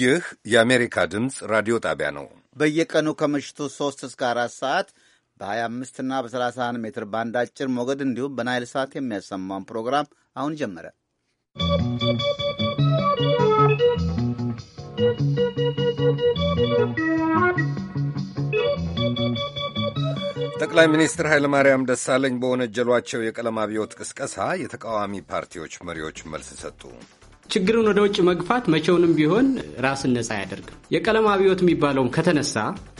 ይህ የአሜሪካ ድምፅ ራዲዮ ጣቢያ ነው። በየቀኑ ከምሽቱ 3 እስከ 4 ሰዓት በ25 እና በ31 ሜትር ባንድ አጭር ሞገድ እንዲሁም በናይል ሰዓት የሚያሰማውን ፕሮግራም አሁን ጀመረ። ¶¶ ጠቅላይ ሚኒስትር ኃይለ ማርያም ደሳለኝ በወነጀሏቸው የቀለም አብዮት ቅስቀሳ የተቃዋሚ ፓርቲዎች መሪዎች መልስ ሰጡ። ችግርን ወደ ውጭ መግፋት መቼውንም ቢሆን ራስን ነፃ አያደርግም። የቀለም አብዮት የሚባለውም ከተነሳ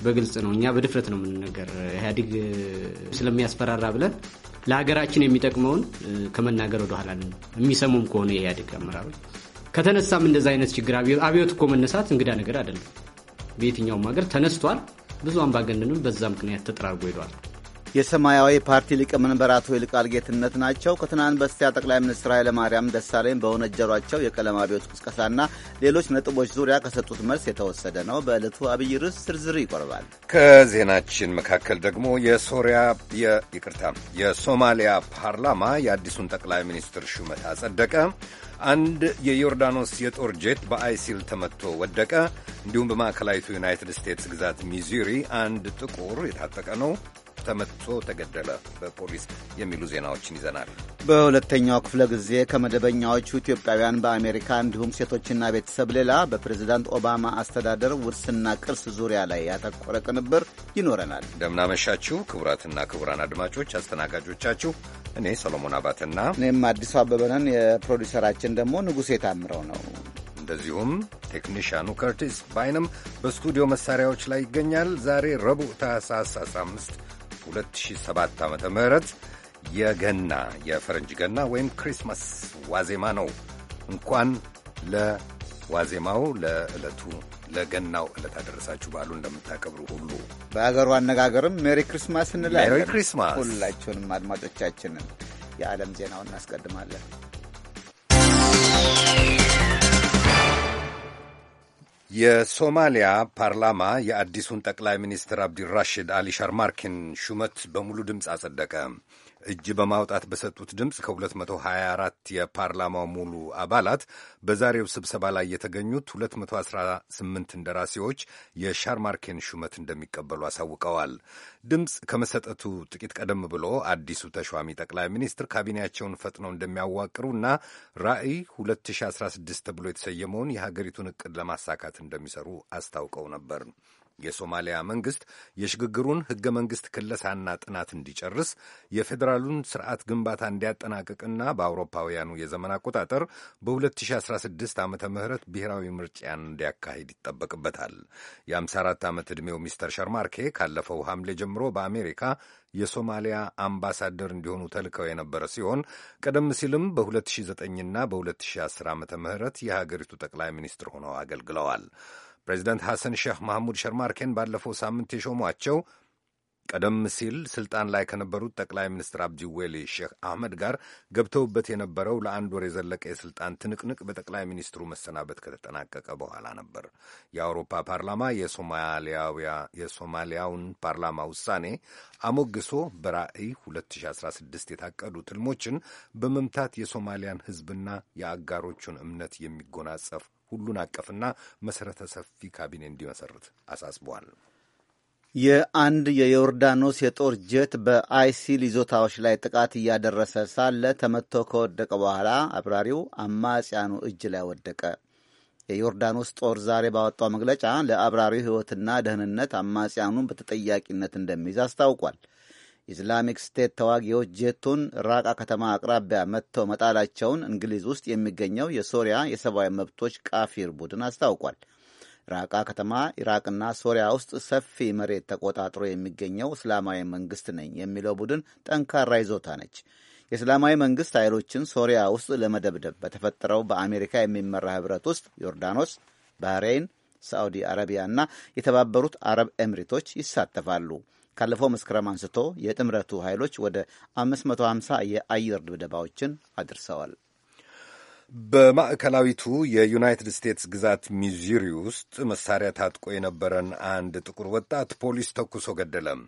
በግልጽ ነው፣ እኛ በድፍረት ነው የምንነገር። ኢህአዴግ ስለሚያስፈራራ ብለን ለሀገራችን የሚጠቅመውን ከመናገር ወደኋላ የሚሰሙም ከሆነ የኢህአዴግ አመራሮች ከተነሳም እንደዚ አይነት ችግር አብዮት እኮ መነሳት እንግዳ ነገር አይደለም። በየትኛውም ሀገር ተነስቷል። ብዙ አምባገነንም በዛ ምክንያት ተጠራርጎ ሄዷል። የሰማያዊ ፓርቲ ሊቀመንበር አቶ ይልቃል ጌትነት ናቸው። ከትናንት በስቲያ ጠቅላይ ሚኒስትር ኃይለማርያም ደሳለኝ በወነጀሏቸው የቀለም አብዮት ቅስቀሳና ሌሎች ነጥቦች ዙሪያ ከሰጡት መልስ የተወሰደ ነው። በዕለቱ አብይ ርዕስ ዝርዝር ይቀርባል። ከዜናችን መካከል ደግሞ የሶሪያ የይቅርታ የሶማሊያ ፓርላማ የአዲሱን ጠቅላይ ሚኒስትር ሹመት አጸደቀ። አንድ የዮርዳኖስ የጦር ጄት በአይሲል ተመቶ ወደቀ። እንዲሁም በማዕከላዊቱ ዩናይትድ ስቴትስ ግዛት ሚዙሪ አንድ ጥቁር የታጠቀ ነው ተመትቶ ተገደለ በፖሊስ የሚሉ ዜናዎችን ይዘናል። በሁለተኛው ክፍለ ጊዜ ከመደበኛዎቹ ኢትዮጵያውያን በአሜሪካ እንዲሁም ሴቶችና ቤተሰብ ሌላ በፕሬዝዳንት ኦባማ አስተዳደር ውርስና ቅርስ ዙሪያ ላይ ያተኮረ ቅንብር ይኖረናል። እንደምናመሻችሁ ክቡራትና ክቡራን አድማጮች አስተናጋጆቻችሁ እኔ ሰሎሞን አባትና እኔም አዲሱ አበበነን። የፕሮዲሰራችን ደግሞ ንጉሴ የታምረው ነው። እንደዚሁም ቴክኒሽያኑ ከርቲስ ባይንም በስቱዲዮ መሳሪያዎች ላይ ይገኛል። ዛሬ ረቡዕ ታህሳስ 15 2007 ዓ ም የገና የፈረንጅ ገና ወይም ክሪስማስ ዋዜማ ነው። እንኳን ለዋዜማው ለዕለቱ ለገናው ዕለት አደረሳችሁ በዓሉ እንደምታከብሩ ሁሉ በአገሩ አነጋገርም ሜሪ ክሪስማስ እንላለን። ሜሪ ክሪስማስ ሁላችሁንም አድማጮቻችንን። የዓለም ዜናውን እናስቀድማለን። የሶማሊያ ፓርላማ የአዲሱን ጠቅላይ ሚኒስትር አብዲራሽድ አሊ ሻርማርኪን ሹመት በሙሉ ድምፅ አጸደቀ። እጅ በማውጣት በሰጡት ድምፅ ከ224 የፓርላማው ሙሉ አባላት በዛሬው ስብሰባ ላይ የተገኙት 218 እንደራሴዎች የሻርማርኬን ሹመት እንደሚቀበሉ አሳውቀዋል። ድምፅ ከመሰጠቱ ጥቂት ቀደም ብሎ አዲሱ ተሿሚ ጠቅላይ ሚኒስትር ካቢኔያቸውን ፈጥነው እንደሚያዋቅሩ እና ራዕይ 2016 ተብሎ የተሰየመውን የሀገሪቱን እቅድ ለማሳካት እንደሚሰሩ አስታውቀው ነበር። የሶማሊያ መንግስት የሽግግሩን ህገ መንግስት ክለሳና ጥናት እንዲጨርስ የፌዴራሉን ስርዓት ግንባታ እንዲያጠናቅቅና በአውሮፓውያኑ የዘመን አቆጣጠር በ2016 ዓ ምህረት ብሔራዊ ምርጫን እንዲያካሂድ ይጠበቅበታል። የ54 ዓመት ዕድሜው ሚስተር ሸርማርኬ ካለፈው ሐምሌ ጀምሮ በአሜሪካ የሶማሊያ አምባሳደር እንዲሆኑ ተልከው የነበረ ሲሆን ቀደም ሲልም በ2009ና በ2010 ዓ ም የሀገሪቱ ጠቅላይ ሚኒስትር ሆነው አገልግለዋል። ፕሬዚደንት ሐሰን ሼህ መሐሙድ ሸርማርኬን ባለፈው ሳምንት የሾሟቸው ቀደም ሲል ስልጣን ላይ ከነበሩት ጠቅላይ ሚኒስትር አብዲ ወሊ ሼህ አህመድ ጋር ገብተውበት የነበረው ለአንድ ወር የዘለቀ የስልጣን ትንቅንቅ በጠቅላይ ሚኒስትሩ መሰናበት ከተጠናቀቀ በኋላ ነበር። የአውሮፓ ፓርላማ የሶማሊያውን ፓርላማ ውሳኔ አሞግሶ በራዕይ 2016 የታቀዱ ትልሞችን በመምታት የሶማሊያን ሕዝብና የአጋሮቹን እምነት የሚጎናጸፍ ሁሉን አቀፍና መሰረተ ሰፊ ካቢኔ እንዲመሰርት አሳስበዋል። የአንድ የዮርዳኖስ የጦር ጀት በአይሲል ይዞታዎች ላይ ጥቃት እያደረሰ ሳለ ተመቶ ከወደቀ በኋላ አብራሪው አማጽያኑ እጅ ላይ ወደቀ። የዮርዳኖስ ጦር ዛሬ ባወጣው መግለጫ ለአብራሪው ሕይወትና ደህንነት አማጽያኑን በተጠያቂነት እንደሚይዝ አስታውቋል። ኢስላሚክ ስቴት ተዋጊዎች ጄቱን ራቃ ከተማ አቅራቢያ መጥተው መጣላቸውን እንግሊዝ ውስጥ የሚገኘው የሶሪያ የሰብአዊ መብቶች ቃፊር ቡድን አስታውቋል። ራቃ ከተማ ኢራቅና ሶሪያ ውስጥ ሰፊ መሬት ተቆጣጥሮ የሚገኘው እስላማዊ መንግስት ነኝ የሚለው ቡድን ጠንካራ ይዞታ ነች። የእስላማዊ መንግስት ኃይሎችን ሶሪያ ውስጥ ለመደብደብ በተፈጠረው በአሜሪካ የሚመራ ህብረት ውስጥ ዮርዳኖስ፣ ባህሬን፣ ሳዑዲ አረቢያ እና የተባበሩት አረብ ኤምሬቶች ይሳተፋሉ። ካለፈው መስከረም አንስቶ የጥምረቱ ኃይሎች ወደ 550 የአየር ድብደባዎችን አድርሰዋል። በማዕከላዊቱ የዩናይትድ ስቴትስ ግዛት ሚዙሪ ውስጥ መሳሪያ ታጥቆ የነበረን አንድ ጥቁር ወጣት ፖሊስ ተኩሶ ገደለም።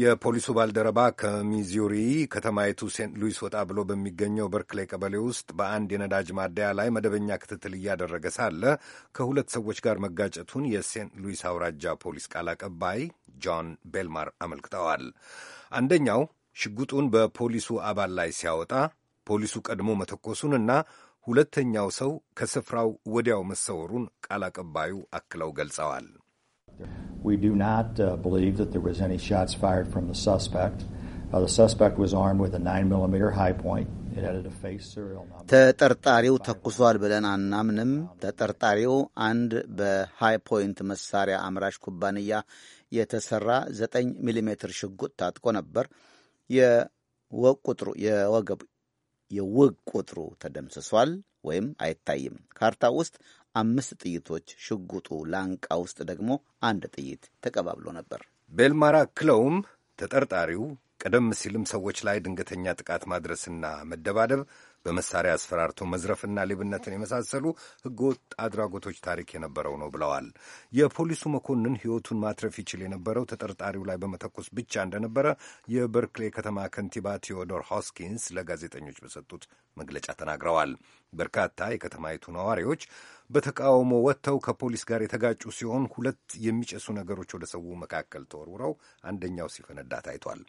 የፖሊሱ ባልደረባ ከሚዙሪ ከተማይቱ ሴንት ሉዊስ ወጣ ብሎ በሚገኘው በርክሌ ቀበሌ ውስጥ በአንድ የነዳጅ ማደያ ላይ መደበኛ ክትትል እያደረገ ሳለ ከሁለት ሰዎች ጋር መጋጨቱን የሴንት ሉዊስ አውራጃ ፖሊስ ቃል አቀባይ ጆን ቤልማር አመልክተዋል። አንደኛው ሽጉጡን በፖሊሱ አባል ላይ ሲያወጣ ፖሊሱ ቀድሞ መተኮሱንና ሁለተኛው ሰው ከስፍራው ወዲያው መሰወሩን ቃል አቀባዩ አክለው ገልጸዋል። We do not uh, believe that there was any shots fired from the suspect. Uh, the suspect was armed with a 9 millimeter high point. It had a face serial number. ተጠርጣሪው ተኩሷል ብለን አናምንም። ተጠርጣሪው አንድ በሃይ ፖይንት መሳሪያ አምራች ኩባንያ የተሰራ 9 ሚሜ ሽጉጥ ታጥቆ ነበር። የወግ ቁጥሩ የወገብ የውግ ቁጥሩ ተደምስሷል ወይም አይታይም። ካርታ ውስጥ አምስት ጥይቶች፣ ሽጉጡ ላንቃ ውስጥ ደግሞ አንድ ጥይት ተቀባብሎ ነበር። ቤልማራ ክለውም ተጠርጣሪው ቀደም ሲልም ሰዎች ላይ ድንገተኛ ጥቃት ማድረስና መደባደብ በመሳሪያ አስፈራርቶ መዝረፍና ሌብነትን የመሳሰሉ ሕገወጥ አድራጎቶች ታሪክ የነበረው ነው ብለዋል። የፖሊሱ መኮንን ሕይወቱን ማትረፍ ይችል የነበረው ተጠርጣሪው ላይ በመተኮስ ብቻ እንደነበረ የበርክሌ ከተማ ከንቲባ ቴዎዶር ሆስኪንስ ለጋዜጠኞች በሰጡት መግለጫ ተናግረዋል። በርካታ የከተማይቱ ነዋሪዎች በተቃውሞ ወጥተው ከፖሊስ ጋር የተጋጩ ሲሆን ሁለት የሚጨሱ ነገሮች ወደ ሰው መካከል ተወርውረው አንደኛው ሲፈነዳ ታይቷል።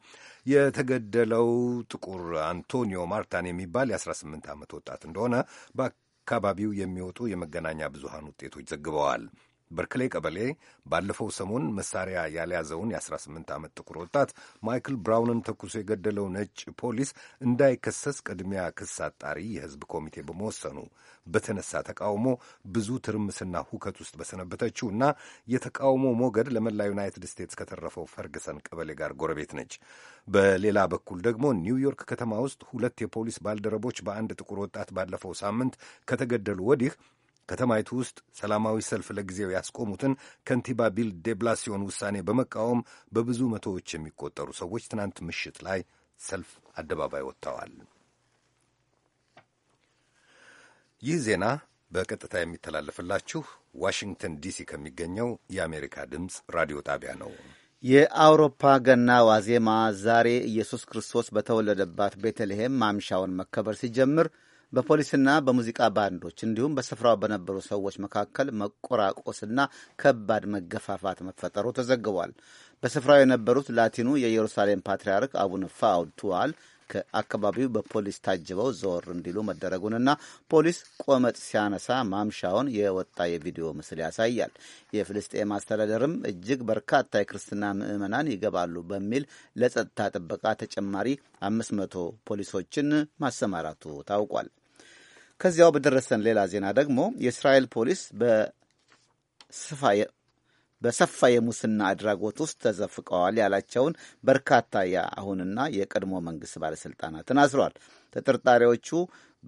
የተገደለው ጥቁር አንቶኒዮ ማርታን የሚባል የ18 ዓመት ወጣት እንደሆነ በአካባቢው የሚወጡ የመገናኛ ብዙሃን ውጤቶች ዘግበዋል። በርክሌ ቀበሌ ባለፈው ሰሞን መሳሪያ ያልያዘውን የ18 ዓመት ጥቁር ወጣት ማይክል ብራውንን ተኩሶ የገደለው ነጭ ፖሊስ እንዳይከሰስ ቅድሚያ ክስ አጣሪ የሕዝብ ኮሚቴ በመወሰኑ በተነሳ ተቃውሞ ብዙ ትርምስና ሁከት ውስጥ በሰነበተችው እና የተቃውሞ ሞገድ ለመላ ዩናይትድ ስቴትስ ከተረፈው ፈርግሰን ቀበሌ ጋር ጎረቤት ነች። በሌላ በኩል ደግሞ ኒውዮርክ ከተማ ውስጥ ሁለት የፖሊስ ባልደረቦች በአንድ ጥቁር ወጣት ባለፈው ሳምንት ከተገደሉ ወዲህ ከተማይቱ ውስጥ ሰላማዊ ሰልፍ ለጊዜው ያስቆሙትን ከንቲባ ቢል ዴብላሲዮን ውሳኔ በመቃወም በብዙ መቶዎች የሚቆጠሩ ሰዎች ትናንት ምሽት ላይ ሰልፍ አደባባይ ወጥተዋል። ይህ ዜና በቀጥታ የሚተላለፍላችሁ ዋሽንግተን ዲሲ ከሚገኘው የአሜሪካ ድምፅ ራዲዮ ጣቢያ ነው። የአውሮፓ ገና ዋዜማ ዛሬ ኢየሱስ ክርስቶስ በተወለደባት ቤተልሔም ማምሻውን መከበር ሲጀምር በፖሊስና በሙዚቃ ባንዶች እንዲሁም በስፍራው በነበሩ ሰዎች መካከል መቆራቆስና ከባድ መገፋፋት መፈጠሩ ተዘግቧል። በስፍራው የነበሩት ላቲኑ የኢየሩሳሌም ፓትርያርክ አቡነ ፋውድ ቱዋል ከአካባቢው በፖሊስ ታጅበው ዘወር እንዲሉ መደረጉንና ፖሊስ ቆመጥ ሲያነሳ ማምሻውን የወጣ የቪዲዮ ምስል ያሳያል። የፍልስጤም አስተዳደርም እጅግ በርካታ የክርስትና ምዕመናን ይገባሉ በሚል ለጸጥታ ጥበቃ ተጨማሪ አምስት መቶ ፖሊሶችን ማሰማራቱ ታውቋል። ከዚያው በደረሰን ሌላ ዜና ደግሞ የእስራኤል ፖሊስ በሰፋ የሙስና አድራጎት ውስጥ ተዘፍቀዋል ያላቸውን በርካታ የአሁንና የቀድሞ መንግስት ባለሥልጣናትን አስሯል። ተጠርጣሪዎቹ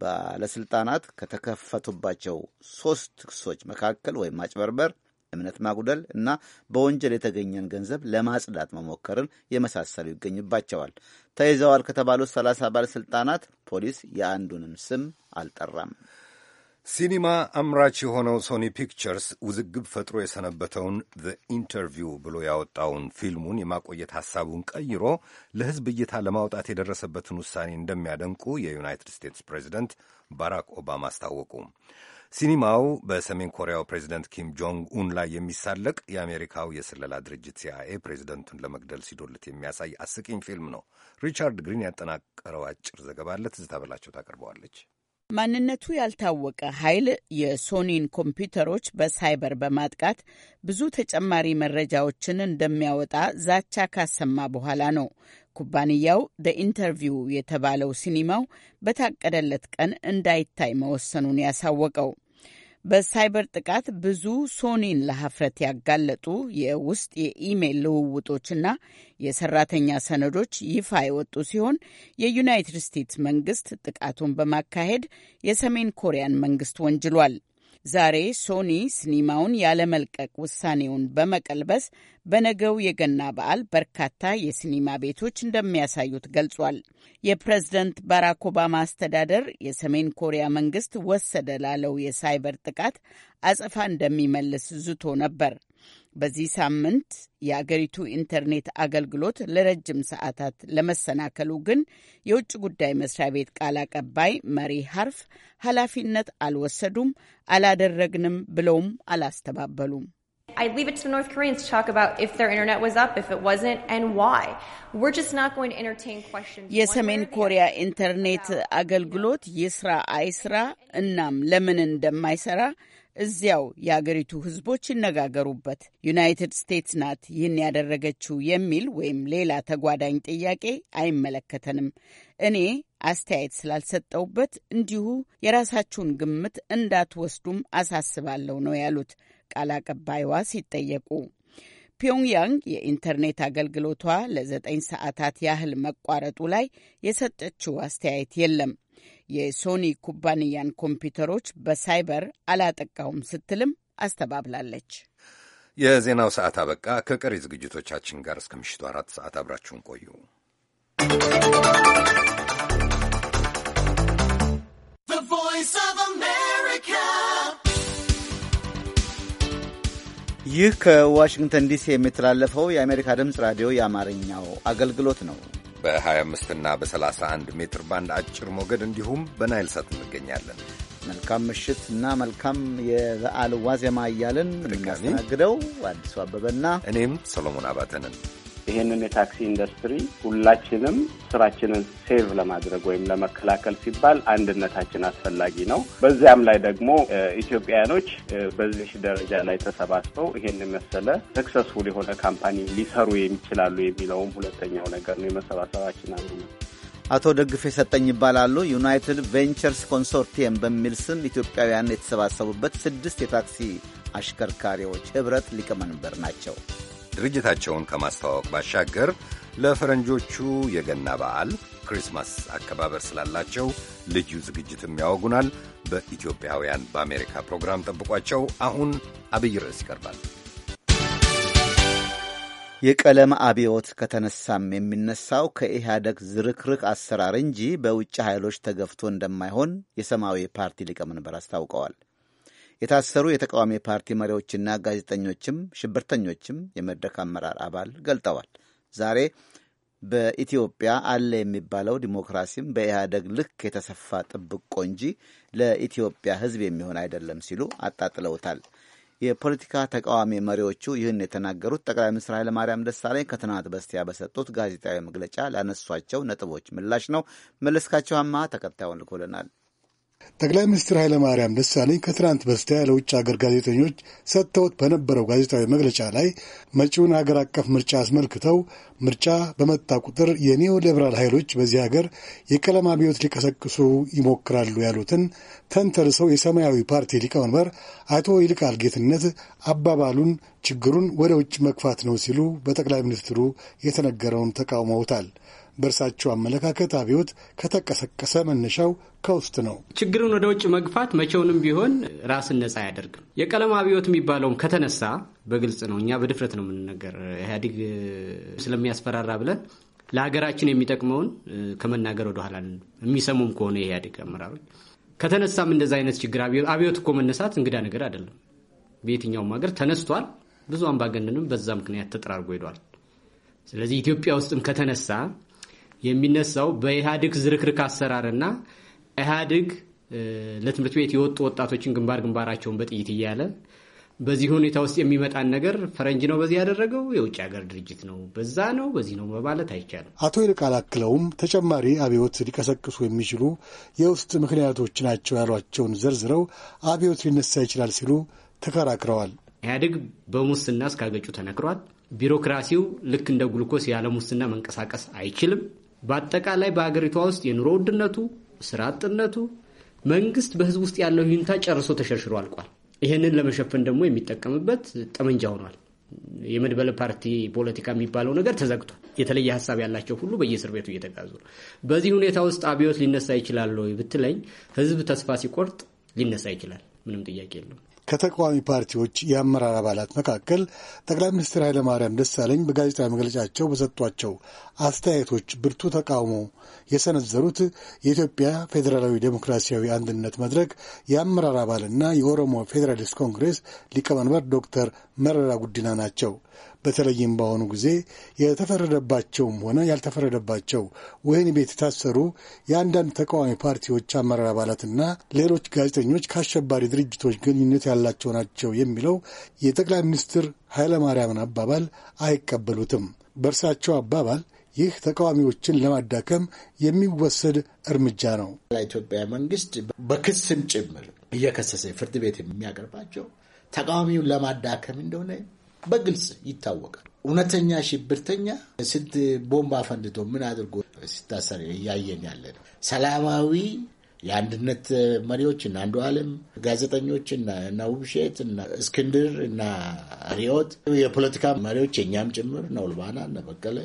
ባለሥልጣናት ከተከፈቱባቸው ሶስት ክሶች መካከል ወይም ማጭበርበር እምነት ማጉደል እና በወንጀል የተገኘን ገንዘብ ለማጽዳት መሞከርን የመሳሰሉ ይገኝባቸዋል። ተይዘዋል ከተባሉት ሰላሳ ባለሥልጣናት ፖሊስ የአንዱንም ስም አልጠራም። ሲኒማ አምራች የሆነው ሶኒ ፒክቸርስ ውዝግብ ፈጥሮ የሰነበተውን ዘ ኢንተርቪው ብሎ ያወጣውን ፊልሙን የማቆየት ሐሳቡን ቀይሮ ለሕዝብ እይታ ለማውጣት የደረሰበትን ውሳኔ እንደሚያደንቁ የዩናይትድ ስቴትስ ፕሬዚደንት ባራክ ኦባማ አስታወቁ። ሲኒማው በሰሜን ኮሪያው ፕሬዚደንት ኪም ጆንግ ኡን ላይ የሚሳለቅ የአሜሪካው የስለላ ድርጅት ሲአይኤ ፕሬዚደንቱን ለመግደል ሲዶልት የሚያሳይ አስቂኝ ፊልም ነው። ሪቻርድ ግሪን ያጠናቀረው አጭር ዘገባ ለትዝታ በላቸው ታቀርበዋለች። ማንነቱ ያልታወቀ ኃይል የሶኒን ኮምፒውተሮች በሳይበር በማጥቃት ብዙ ተጨማሪ መረጃዎችን እንደሚያወጣ ዛቻ ካሰማ በኋላ ነው ኩባንያው ደኢንተርቪው የተባለው ሲኒማው በታቀደለት ቀን እንዳይታይ መወሰኑን ያሳወቀው። በሳይበር ጥቃት ብዙ ሶኒን ለሀፍረት ያጋለጡ የውስጥ የኢሜይል ልውውጦችና የሰራተኛ ሰነዶች ይፋ የወጡ ሲሆን የዩናይትድ ስቴትስ መንግስት ጥቃቱን በማካሄድ የሰሜን ኮሪያን መንግስት ወንጅሏል። ዛሬ ሶኒ ሲኒማውን ያለመልቀቅ ውሳኔውን በመቀልበስ በነገው የገና በዓል በርካታ የሲኒማ ቤቶች እንደሚያሳዩት ገልጿል። የፕሬዝደንት ባራክ ኦባማ አስተዳደር የሰሜን ኮሪያ መንግስት ወሰደ ላለው የሳይበር ጥቃት አጸፋ እንደሚመልስ ዝቶ ነበር። በዚህ ሳምንት የአገሪቱ ኢንተርኔት አገልግሎት ለረጅም ሰዓታት ለመሰናከሉ ግን የውጭ ጉዳይ መስሪያ ቤት ቃል አቀባይ መሪ ሀርፍ ኃላፊነት አልወሰዱም፣ አላደረግንም ብለውም አላስተባበሉም። የሰሜን ኮሪያ ኢንተርኔት አገልግሎት ይስራ አይስራ እናም ለምን እንደማይሰራ እዚያው የአገሪቱ ህዝቦች ይነጋገሩበት። ዩናይትድ ስቴትስ ናት ይህን ያደረገችው የሚል ወይም ሌላ ተጓዳኝ ጥያቄ አይመለከተንም። እኔ አስተያየት ስላልሰጠውበት እንዲሁ የራሳችሁን ግምት እንዳትወስዱም አሳስባለሁ ነው ያሉት ቃል አቀባይዋ ሲጠየቁ። ፒዮንግያንግ የኢንተርኔት አገልግሎቷ ለዘጠኝ ሰዓታት ያህል መቋረጡ ላይ የሰጠችው አስተያየት የለም። የሶኒ ኩባንያን ኮምፒውተሮች በሳይበር አላጠቃውም ስትልም አስተባብላለች። የዜናው ሰዓት አበቃ። ከቀሪ ዝግጅቶቻችን ጋር እስከ ምሽቱ አራት ሰዓት አብራችሁን ቆዩ። ይህ ከዋሽንግተን ዲሲ የሚተላለፈው የአሜሪካ ድምፅ ራዲዮ የአማርኛው አገልግሎት ነው። በ25 እና በ31 ሜትር ባንድ አጭር ሞገድ እንዲሁም በናይል ሳት እንገኛለን። መልካም ምሽት እና መልካም የበዓል ዋዜማ እያልን የምናስተናግደው አዲሱ አበበና እኔም ሰሎሞን አባተንን ይህንን የታክሲ ኢንዱስትሪ ሁላችንም ስራችንን ሴቭ ለማድረግ ወይም ለመከላከል ሲባል አንድነታችን አስፈላጊ ነው። በዚያም ላይ ደግሞ ኢትዮጵያውያኖች በዚህ ደረጃ ላይ ተሰባስበው ይሄን የመሰለ ሰክሰስፉል የሆነ ካምፓኒ ሊሰሩ የሚችላሉ የሚለውም ሁለተኛው ነገር ነው። የመሰባሰባችን አንዱ ነው። አቶ ደግፍ የሰጠኝ ይባላሉ። ዩናይትድ ቬንቸርስ ኮንሶርቲየም በሚል ስም ኢትዮጵያውያን የተሰባሰቡበት ስድስት የታክሲ አሽከርካሪዎች ህብረት ሊቀመንበር ናቸው። ድርጅታቸውን ከማስተዋወቅ ባሻገር ለፈረንጆቹ የገና በዓል ክሪስማስ አከባበር ስላላቸው ልዩ ዝግጅትም ያወጉናል። በኢትዮጵያውያን በአሜሪካ ፕሮግራም ጠብቋቸው። አሁን አብይ ርዕስ ይቀርባል። የቀለም አብዮት ከተነሳም የሚነሳው ከኢህአደግ ዝርክርክ አሰራር እንጂ በውጭ ኃይሎች ተገፍቶ እንደማይሆን የሰማያዊ ፓርቲ ሊቀመንበር አስታውቀዋል። የታሰሩ የተቃዋሚ ፓርቲ መሪዎችና ጋዜጠኞችም ሽብርተኞችም የመድረክ አመራር አባል ገልጠዋል። ዛሬ በኢትዮጵያ አለ የሚባለው ዲሞክራሲም በኢህአደግ ልክ የተሰፋ ጥብቆ እንጂ ለኢትዮጵያ ሕዝብ የሚሆን አይደለም ሲሉ አጣጥለውታል። የፖለቲካ ተቃዋሚ መሪዎቹ ይህን የተናገሩት ጠቅላይ ሚኒስትር ኃይለማርያም ደሳለኝ ከትናንት በስቲያ በሰጡት ጋዜጣዊ መግለጫ ላነሷቸው ነጥቦች ምላሽ ነው። መለስካቸው አማ ተከታዩን ልኮልናል። ጠቅላይ ሚኒስትር ኃይለማርያም ደሳለኝ ከትናንት በስቲያ ለውጭ ሀገር ጋዜጠኞች ሰጥተውት በነበረው ጋዜጣዊ መግለጫ ላይ መጪውን ሀገር አቀፍ ምርጫ አስመልክተው ምርጫ በመጣ ቁጥር የኒዮ ሊበራል ኃይሎች በዚህ ሀገር የቀለም አብዮት ሊቀሰቅሱ ይሞክራሉ ያሉትን ተንተርሰው የሰማያዊ ፓርቲ ሊቀመንበር አቶ ይልቃል ጌትነት አባባሉን ችግሩን ወደ ውጭ መግፋት ነው ሲሉ በጠቅላይ ሚኒስትሩ የተነገረውን ተቃውመውታል። በእርሳቸው አመለካከት አብዮት ከተቀሰቀሰ መነሻው ከውስጥ ነው። ችግርን ወደ ውጭ መግፋት መቼውንም ቢሆን ራስን ነጻ አያደርግም። የቀለም አብዮት የሚባለውም ከተነሳ በግልጽ ነው፣ እኛ በድፍረት ነው የምንነገር። ኢህአዴግ ስለሚያስፈራራ ብለን ለሀገራችን የሚጠቅመውን ከመናገር ወደኋላ የሚሰሙም ከሆነ የኢህአዴግ አመራሮች ከተነሳም እንደዚ አይነት ችግር አብዮት እኮ መነሳት እንግዳ ነገር አይደለም። በየትኛውም ሀገር ተነስቷል። ብዙ አምባገነንም በዛ ምክንያት ተጠራርጎ ሄዷል። ስለዚህ ኢትዮጵያ ውስጥም ከተነሳ የሚነሳው በኢህአዴግ ዝርክርክ አሰራርና ኢህአዴግ ለትምህርት ቤት የወጡ ወጣቶችን ግንባር ግንባራቸውን በጥይት እያለ በዚህ ሁኔታ ውስጥ የሚመጣን ነገር ፈረንጅ ነው በዚህ ያደረገው የውጭ ሀገር ድርጅት ነው በዛ ነው በዚህ ነው በማለት አይቻልም። አቶ ይልቃል አክለውም ተጨማሪ አብዮት ሊቀሰቅሱ የሚችሉ የውስጥ ምክንያቶች ናቸው ያሏቸውን ዘርዝረው አብዮት ሊነሳ ይችላል ሲሉ ተከራክረዋል። ኢህአዴግ በሙስና እስካገጩ ተነክሯል። ቢሮክራሲው ልክ እንደ ግሉኮስ ያለ ሙስና መንቀሳቀስ አይችልም። በአጠቃላይ በአገሪቷ ውስጥ የኑሮ ውድነቱ፣ ስራ አጥነቱ፣ መንግስት በህዝብ ውስጥ ያለው ይሁንታ ጨርሶ ተሸርሽሮ አልቋል። ይህንን ለመሸፈን ደግሞ የሚጠቀምበት ጠመንጃ ሆኗል። የመድበለ ፓርቲ ፖለቲካ የሚባለው ነገር ተዘግቷል። የተለየ ሀሳብ ያላቸው ሁሉ በየእስር ቤቱ እየተጋዙ ነው። በዚህ ሁኔታ ውስጥ አብዮት ሊነሳ ይችላል ብትለኝ፣ ህዝብ ተስፋ ሲቆርጥ ሊነሳ ይችላል። ምንም ጥያቄ የለው። ከተቃዋሚ ፓርቲዎች የአመራር አባላት መካከል ጠቅላይ ሚኒስትር ኃይለማርያም ደሳለኝ በጋዜጣዊ መግለጫቸው በሰጧቸው አስተያየቶች ብርቱ ተቃውሞ የሰነዘሩት የኢትዮጵያ ፌዴራላዊ ዴሞክራሲያዊ አንድነት መድረክ የአመራር አባልና የኦሮሞ ፌዴራሊስት ኮንግሬስ ሊቀመንበር ዶክተር መረራ ጉዲና ናቸው። በተለይም በአሁኑ ጊዜ የተፈረደባቸውም ሆነ ያልተፈረደባቸው ወህኒ ቤት የታሰሩ የአንዳንድ ተቃዋሚ ፓርቲዎች አመራር አባላትና ሌሎች ጋዜጠኞች ከአሸባሪ ድርጅቶች ግንኙነት ያላቸው ናቸው የሚለው የጠቅላይ ሚኒስትር ኃይለማርያምን አባባል አይቀበሉትም። በእርሳቸው አባባል ይህ ተቃዋሚዎችን ለማዳከም የሚወሰድ እርምጃ ነው። ኢትዮጵያ መንግስት በክስም ጭምር እየከሰሰ ፍርድ ቤት የሚያቀርባቸው ተቃዋሚውን ለማዳከም እንደሆነ በግልጽ ይታወቃል። እውነተኛ ሽብርተኛ ስንት ቦምብ አፈንድቶ ምን አድርጎ ሲታሰር እያየን ያለ ነው። ሰላማዊ የአንድነት መሪዎች እና አንዱ አለም ጋዜጠኞች እና ውብሸት እና እስክንድር እና ሪዮት የፖለቲካ መሪዎች የእኛም ጭምር ነው። ነበቀለ እነ በቀለ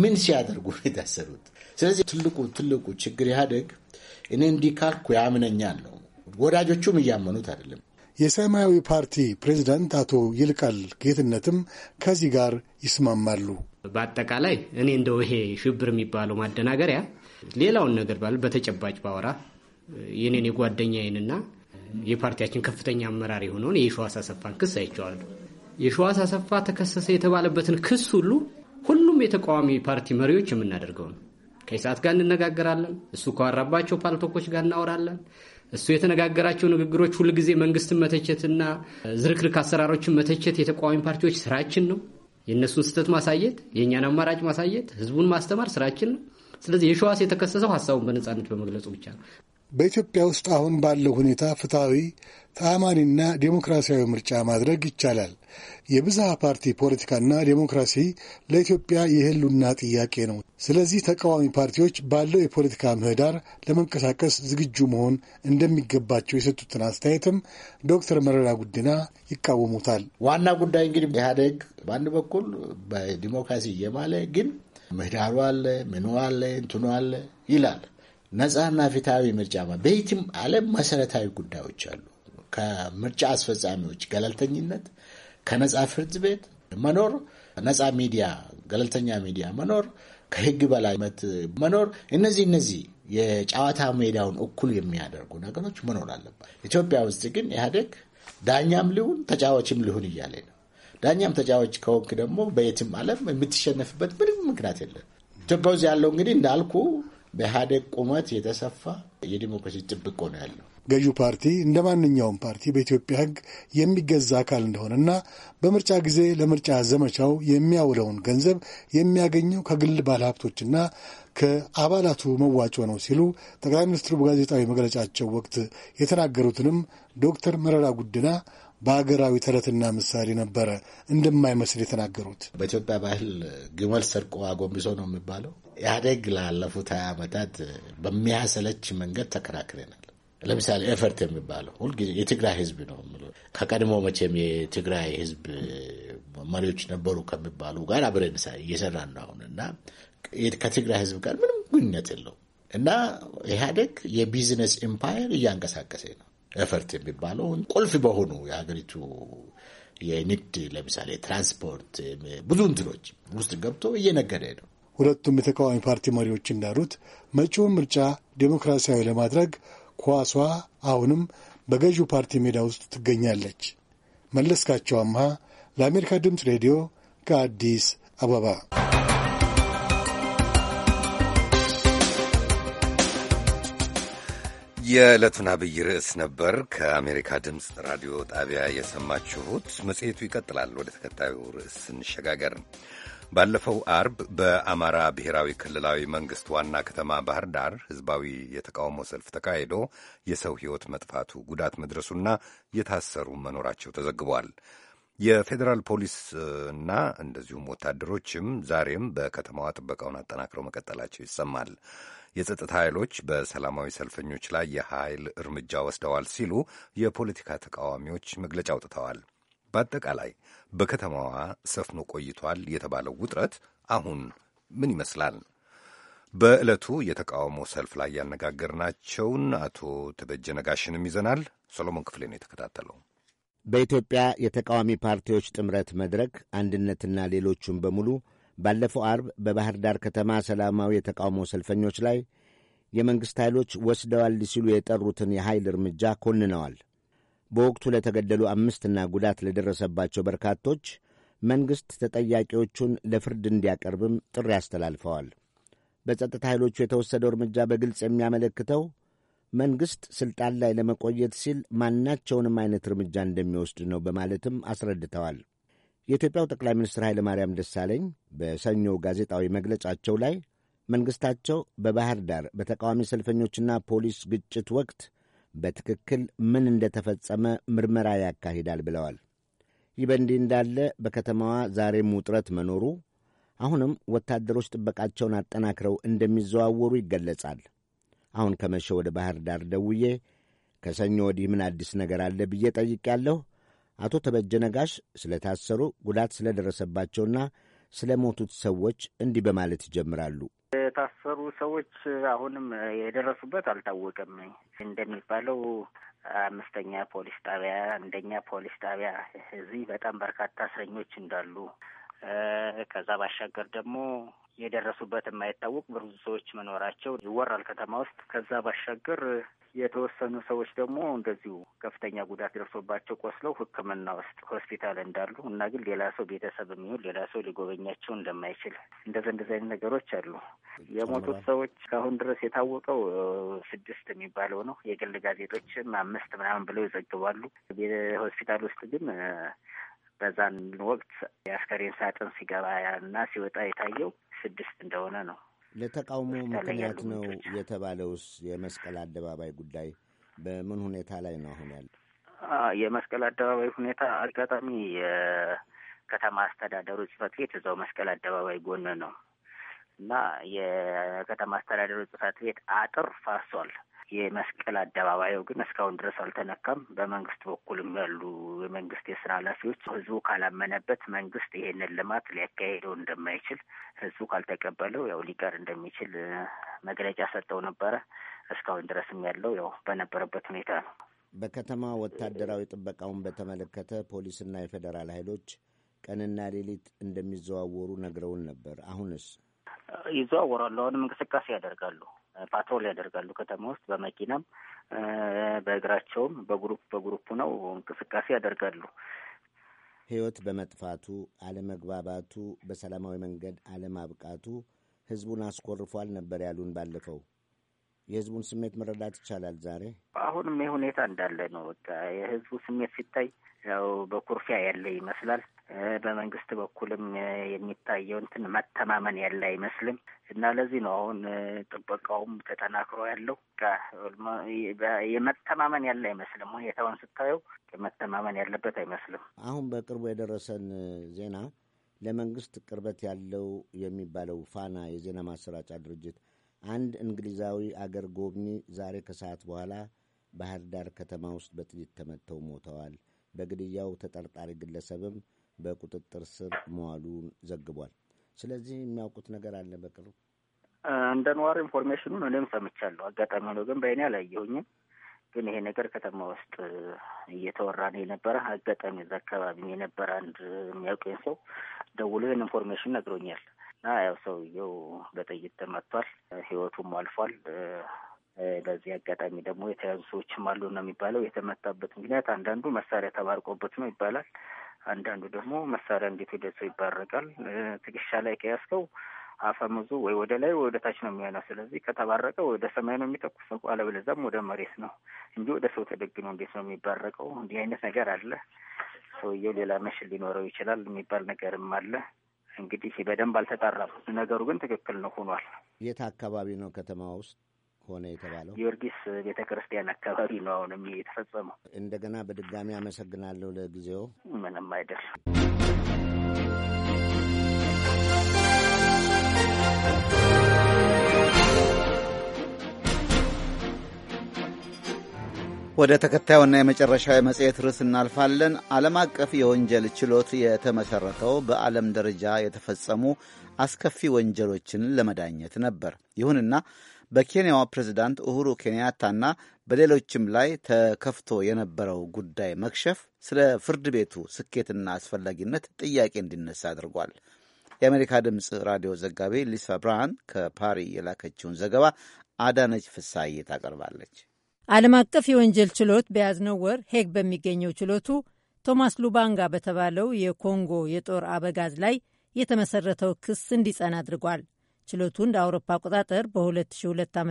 ምን ሲያደርጉ የታሰሩት? ስለዚህ ትልቁ ትልቁ ችግር ያደግ እኔ እንዲካኩ ያምነኛል ነው። ወዳጆቹም እያመኑት አይደለም። የሰማያዊ ፓርቲ ፕሬዚዳንት አቶ ይልቃል ጌትነትም ከዚህ ጋር ይስማማሉ። በአጠቃላይ እኔ እንደው ይሄ ሽብር የሚባለው ማደናገሪያ ሌላውን ነገር ባለ በተጨባጭ ባወራ የኔን የጓደኛዬንና የፓርቲያችን ከፍተኛ አመራር የሆነውን የሸዋስ አሰፋን ክስ አይቼዋለሁ። የሸዋስ አሰፋ ተከሰሰ የተባለበትን ክስ ሁሉ ሁሉም የተቃዋሚ ፓርቲ መሪዎች የምናደርገው ነው። ከኢሳት ጋር እንነጋገራለን። እሱ ከዋራባቸው ፓልቶኮች ጋር እናወራለን። እሱ የተነጋገራቸው ንግግሮች ሁልጊዜ መንግስትን መተቸትና ዝርክርክ አሰራሮችን መተቸት የተቃዋሚ ፓርቲዎች ስራችን ነው። የእነሱን ስህተት ማሳየት፣ የእኛን አማራጭ ማሳየት፣ ህዝቡን ማስተማር ስራችን ነው። ስለዚህ የሸዋስ የተከሰሰው ሀሳቡን በነጻነት በመግለጹ ብቻ ነው። በኢትዮጵያ ውስጥ አሁን ባለው ሁኔታ ፍትሐዊ ተአማኒና ዴሞክራሲያዊ ምርጫ ማድረግ ይቻላል። የብዝሃ ፓርቲ ፖለቲካና ዴሞክራሲ ለኢትዮጵያ የህሉና ጥያቄ ነው። ስለዚህ ተቃዋሚ ፓርቲዎች ባለው የፖለቲካ ምህዳር ለመንቀሳቀስ ዝግጁ መሆን እንደሚገባቸው የሰጡትን አስተያየትም ዶክተር መረራ ጉዲና ይቃወሙታል። ዋና ጉዳይ እንግዲህ ኢህአዴግ በአንድ በኩል በዲሞክራሲ እየማለ ግን ምህዳሩ አለ፣ ምኑ አለ፣ እንትኑ አለ ይላል። ነጻና ፍትሐዊ ምርጫ በየትም ዓለም መሰረታዊ ጉዳዮች አሉ። ከምርጫ አስፈጻሚዎች ገለልተኝነት፣ ከነጻ ፍርድ ቤት መኖር፣ ነጻ ሚዲያ፣ ገለልተኛ ሚዲያ መኖር፣ ከህግ በላይነት መኖር እነዚህ እነዚህ የጨዋታ ሜዳውን እኩል የሚያደርጉ ነገሮች መኖር አለባት። ኢትዮጵያ ውስጥ ግን ኢህአዴግ ዳኛም ሊሆን ተጫዋችም ሊሆን እያለ ነው። ዳኛም ተጫዋች ከወንክ ደግሞ በየትም ዓለም የምትሸነፍበት ምንም ምክንያት የለም። ኢትዮጵያ ውስጥ ያለው እንግዲህ እንዳልኩ በኢህአዴግ ቁመት የተሰፋ የዲሞክራሲ ጥብቆ ነው ያለው። ገዢው ፓርቲ እንደ ማንኛውም ፓርቲ በኢትዮጵያ ሕግ የሚገዛ አካል እንደሆነና በምርጫ ጊዜ ለምርጫ ዘመቻው የሚያውለውን ገንዘብ የሚያገኘው ከግል ባለሀብቶችና ከአባላቱ መዋጮ ነው ሲሉ ጠቅላይ ሚኒስትሩ በጋዜጣዊ መግለጫቸው ወቅት የተናገሩትንም ዶክተር መረራ ጉድና በሀገራዊ ተረትና ምሳሌ ነበረ እንደማይመስል የተናገሩት። በኢትዮጵያ ባህል ግመል ሰርቆ አጎንብሶ ነው የሚባለው። ኢህአዴግ ላለፉት ሀያ ዓመታት በሚያሰለች መንገድ ተከራክረናል። ለምሳሌ ኤፈርት የሚባለው ሁልጊዜ የትግራይ ህዝብ ነው። ከቀድሞ መቼም የትግራይ ህዝብ መሪዎች ነበሩ ከሚባሉ ጋር አብረን እየሰራን ነው አሁን እና ከትግራይ ህዝብ ጋር ምንም ግንኙነት የለው እና ኢህአዴግ የቢዝነስ ኢምፓየር እያንቀሳቀሰ ነው። ኤፈርት የሚባለውን ቁልፍ በሆኑ የሀገሪቱ የንግድ ለምሳሌ ትራንስፖርት፣ ብዙ እንትኖች ውስጥ ገብቶ እየነገደ ነው። ሁለቱም የተቃዋሚ ፓርቲ መሪዎች እንዳሉት መጪውን ምርጫ ዴሞክራሲያዊ ለማድረግ ኳሷ አሁንም በገዢው ፓርቲ ሜዳ ውስጥ ትገኛለች። መለስካቸው አምሃ ለአሜሪካ ድምፅ ሬዲዮ ከአዲስ አበባ የዕለቱን አብይ ርዕስ ነበር ከአሜሪካ ድምፅ ራዲዮ ጣቢያ የሰማችሁት። መጽሔቱ ይቀጥላል። ወደ ተከታዩ ርዕስ እንሸጋገር። ባለፈው አርብ በአማራ ብሔራዊ ክልላዊ መንግስት ዋና ከተማ ባህር ዳር ህዝባዊ የተቃውሞ ሰልፍ ተካሂዶ የሰው ሕይወት መጥፋቱ ጉዳት መድረሱና የታሰሩ መኖራቸው ተዘግቧል። የፌዴራል ፖሊስ እንደዚሁም ወታደሮችም ዛሬም በከተማዋ ጥበቃውን አጠናክረው መቀጠላቸው ይሰማል። የጸጥታ ኃይሎች በሰላማዊ ሰልፈኞች ላይ የኃይል እርምጃ ወስደዋል ሲሉ የፖለቲካ ተቃዋሚዎች መግለጫ አውጥተዋል። በአጠቃላይ በከተማዋ ሰፍኖ ቆይቷል የተባለው ውጥረት አሁን ምን ይመስላል? በዕለቱ የተቃውሞ ሰልፍ ላይ ያነጋገርናቸውን አቶ ተበጀ ነጋሽንም ይዘናል። ሰሎሞን ክፍሌ ነው የተከታተለው። በኢትዮጵያ የተቃዋሚ ፓርቲዎች ጥምረት መድረክ አንድነትና ሌሎቹም በሙሉ ባለፈው አርብ በባህር ዳር ከተማ ሰላማዊ የተቃውሞ ሰልፈኞች ላይ የመንግሥት ኃይሎች ወስደዋል ሲሉ የጠሩትን የኃይል እርምጃ ኮንነዋል። በወቅቱ ለተገደሉ አምስትና ጉዳት ለደረሰባቸው በርካቶች መንግሥት ተጠያቂዎቹን ለፍርድ እንዲያቀርብም ጥሪ አስተላልፈዋል። በጸጥታ ኃይሎቹ የተወሰደው እርምጃ በግልጽ የሚያመለክተው መንግሥት ሥልጣን ላይ ለመቆየት ሲል ማናቸውንም አይነት እርምጃ እንደሚወስድ ነው በማለትም አስረድተዋል። የኢትዮጵያው ጠቅላይ ሚኒስትር ኃይለ ማርያም ደሳለኝ በሰኞው ጋዜጣዊ መግለጫቸው ላይ መንግሥታቸው በባህር ዳር በተቃዋሚ ሰልፈኞችና ፖሊስ ግጭት ወቅት በትክክል ምን እንደተፈጸመ ምርመራ ያካሂዳል ብለዋል። ይህ በእንዲህ እንዳለ በከተማዋ ዛሬም ውጥረት መኖሩ አሁንም ወታደሮች ጥበቃቸውን አጠናክረው እንደሚዘዋወሩ ይገለጻል። አሁን ከመሸ ወደ ባህር ዳር ደውዬ ከሰኞ ወዲህ ምን አዲስ ነገር አለ ብዬ ጠይቄያለሁ። አቶ ተበጀ ነጋሽ ስለታሰሩ ጉዳት ስለ ስለሞቱት ሰዎች እንዲህ በማለት ይጀምራሉ። የታሰሩ ሰዎች አሁንም የደረሱበት አልታወቀም። እንደሚባለው አምስተኛ ፖሊስ ጣቢያ፣ አንደኛ ፖሊስ ጣቢያ እዚህ በጣም በርካታ እስረኞች እንዳሉ ከዛ ባሻገር ደግሞ የደረሱበት የማይታወቅ ብዙ ሰዎች መኖራቸው ይወራል ከተማ ውስጥ። ከዛ ባሻገር የተወሰኑ ሰዎች ደግሞ እንደዚሁ ከፍተኛ ጉዳት ደርሶባቸው ቆስለው ሕክምና ውስጥ ሆስፒታል እንዳሉ እና ግን ሌላ ሰው ቤተሰብ የሚሆን ሌላ ሰው ሊጎበኛቸው እንደማይችል እንደዚ እንደዚ አይነት ነገሮች አሉ። የሞቱት ሰዎች ከአሁን ድረስ የታወቀው ስድስት የሚባለው ነው። የግል ጋዜጦችም አምስት ምናምን ብለው ይዘግባሉ። ሆስፒታል ውስጥ ግን በዛን ወቅት የአስከሬን ሳጥን ሲገባና ሲወጣ የታየው ስድስት እንደሆነ ነው። ለተቃውሞ ምክንያት ነው የተባለውስ የመስቀል አደባባይ ጉዳይ በምን ሁኔታ ላይ ነው አሁን ያለ? የመስቀል አደባባይ ሁኔታ አጋጣሚ የከተማ አስተዳደሩ ጽህፈት ቤት እዛው መስቀል አደባባይ ጎን ነው እና የከተማ አስተዳደሩ ጽህፈት ቤት አጥር ፋርሷል። የመስቀል አደባባዩ ግን እስካሁን ድረስ አልተነካም። በመንግስት በኩልም ያሉ የመንግስት የስራ ኃላፊዎች ህዝቡ ካላመነበት መንግስት ይሄንን ልማት ሊያካሄደው እንደማይችል ህዝቡ ካልተቀበለው ያው ሊቀር እንደሚችል መግለጫ ሰጠው ነበረ። እስካሁን ድረስም ያለው ያው በነበረበት ሁኔታ ነው። በከተማ ወታደራዊ ጥበቃውን በተመለከተ ፖሊስና የፌዴራል ኃይሎች ቀንና ሌሊት እንደሚዘዋወሩ ነግረውን ነበር። አሁንስ ይዘዋወራሉ። አሁንም እንቅስቃሴ ያደርጋሉ። ፓትሮል ያደርጋሉ ከተማ ውስጥ በመኪናም በእግራቸውም በግሩፕ በግሩፕ ነው እንቅስቃሴ ያደርጋሉ። ህይወት በመጥፋቱ አለመግባባቱ፣ በሰላማዊ መንገድ አለማብቃቱ ህዝቡን አስኮርፏል ነበር ያሉን ባለፈው የህዝቡን ስሜት መረዳት ይቻላል። ዛሬ አሁንም ሁኔታ እንዳለ ነው። በቃ የህዝቡ ስሜት ሲታይ ያው በኩርፊያ ያለ ይመስላል። በመንግስት በኩልም የሚታየው እንትን መተማመን ያለ አይመስልም እና ለዚህ ነው አሁን ጥበቃውም ተጠናክሮ ያለው የመተማመን ያለ አይመስልም። ሁኔታውን ስታየው መተማመን ያለበት አይመስልም። አሁን በቅርቡ የደረሰን ዜና ለመንግስት ቅርበት ያለው የሚባለው ፋና የዜና ማሰራጫ ድርጅት አንድ እንግሊዛዊ አገር ጎብኚ ዛሬ ከሰዓት በኋላ ባህር ዳር ከተማ ውስጥ በጥይት ተመተው ሞተዋል። በግድያው ተጠርጣሪ ግለሰብም በቁጥጥር ስር መዋሉን ዘግቧል። ስለዚህ የሚያውቁት ነገር አለ በቅርብ እንደ ነዋሪ ኢንፎርሜሽኑን እኔም ሰምቻለሁ። አጋጣሚ ሆኖ ግን በእኔ አላየሁኝም። ግን ይሄ ነገር ከተማ ውስጥ እየተወራ ነው የነበረ። አጋጣሚ እዛ አካባቢ የነበረ አንድ የሚያውቀኝ ሰው ደውሎ ይህን ኢንፎርሜሽን ነግሮኛል። እና ያው ሰውየው በጥይት ተመቷል፣ ህይወቱም አልፏል። በዚህ አጋጣሚ ደግሞ የተያዙ ሰዎችም አሉ ነው የሚባለው። የተመታበት ምክንያት አንዳንዱ መሳሪያ ተባርቆበት ነው ይባላል። አንዳንዱ ደግሞ መሳሪያ እንዴት ወደ ሰው ይባረቃል? ትከሻ ላይ ከያዝከው አፈሙዙ ወይ ወደ ላይ ወደ ታች ነው የሚሆነው። ስለዚህ ከተባረቀ ወደ ሰማይ ነው የሚተኩሰው፣ አለበለዚያም ወደ መሬት ነው እንጂ ወደ ሰው ተደግኖ እንዴት ነው የሚባረቀው? እንዲህ አይነት ነገር አለ። ሰውየው ሌላ መሽል ሊኖረው ይችላል የሚባል ነገርም አለ። እንግዲህ በደንብ አልተጣራም። ነገሩ ግን ትክክል ነው ሆኗል። የት አካባቢ ነው ከተማ ውስጥ ሆነ የተባለው? ጊዮርጊስ ቤተ ክርስቲያን አካባቢ ነው አሁንም የተፈጸመው። እንደገና በድጋሚ አመሰግናለሁ። ለጊዜው ምንም አይደል። ወደ ተከታዩና የመጨረሻው የመጽሔት ርዕስ እናልፋለን። ዓለም አቀፍ የወንጀል ችሎት የተመሠረተው በዓለም ደረጃ የተፈጸሙ አስከፊ ወንጀሎችን ለመዳኘት ነበር። ይሁንና በኬንያዋ ፕሬዚዳንት ኡሁሩ ኬንያታና በሌሎችም ላይ ተከፍቶ የነበረው ጉዳይ መክሸፍ ስለ ፍርድ ቤቱ ስኬትና አስፈላጊነት ጥያቄ እንዲነሳ አድርጓል። የአሜሪካ ድምፅ ራዲዮ ዘጋቢ ሊሳ ብርሃን ከፓሪ የላከችውን ዘገባ አዳነች ፍሳዬ ታቀርባለች። ዓለም አቀፍ የወንጀል ችሎት በያዝነው ወር ሄግ በሚገኘው ችሎቱ ቶማስ ሉባንጋ በተባለው የኮንጎ የጦር አበጋዝ ላይ የተመሰረተው ክስ እንዲጸና አድርጓል። ችሎቱ እንደ አውሮፓ አቆጣጠር በ2002 ዓ ም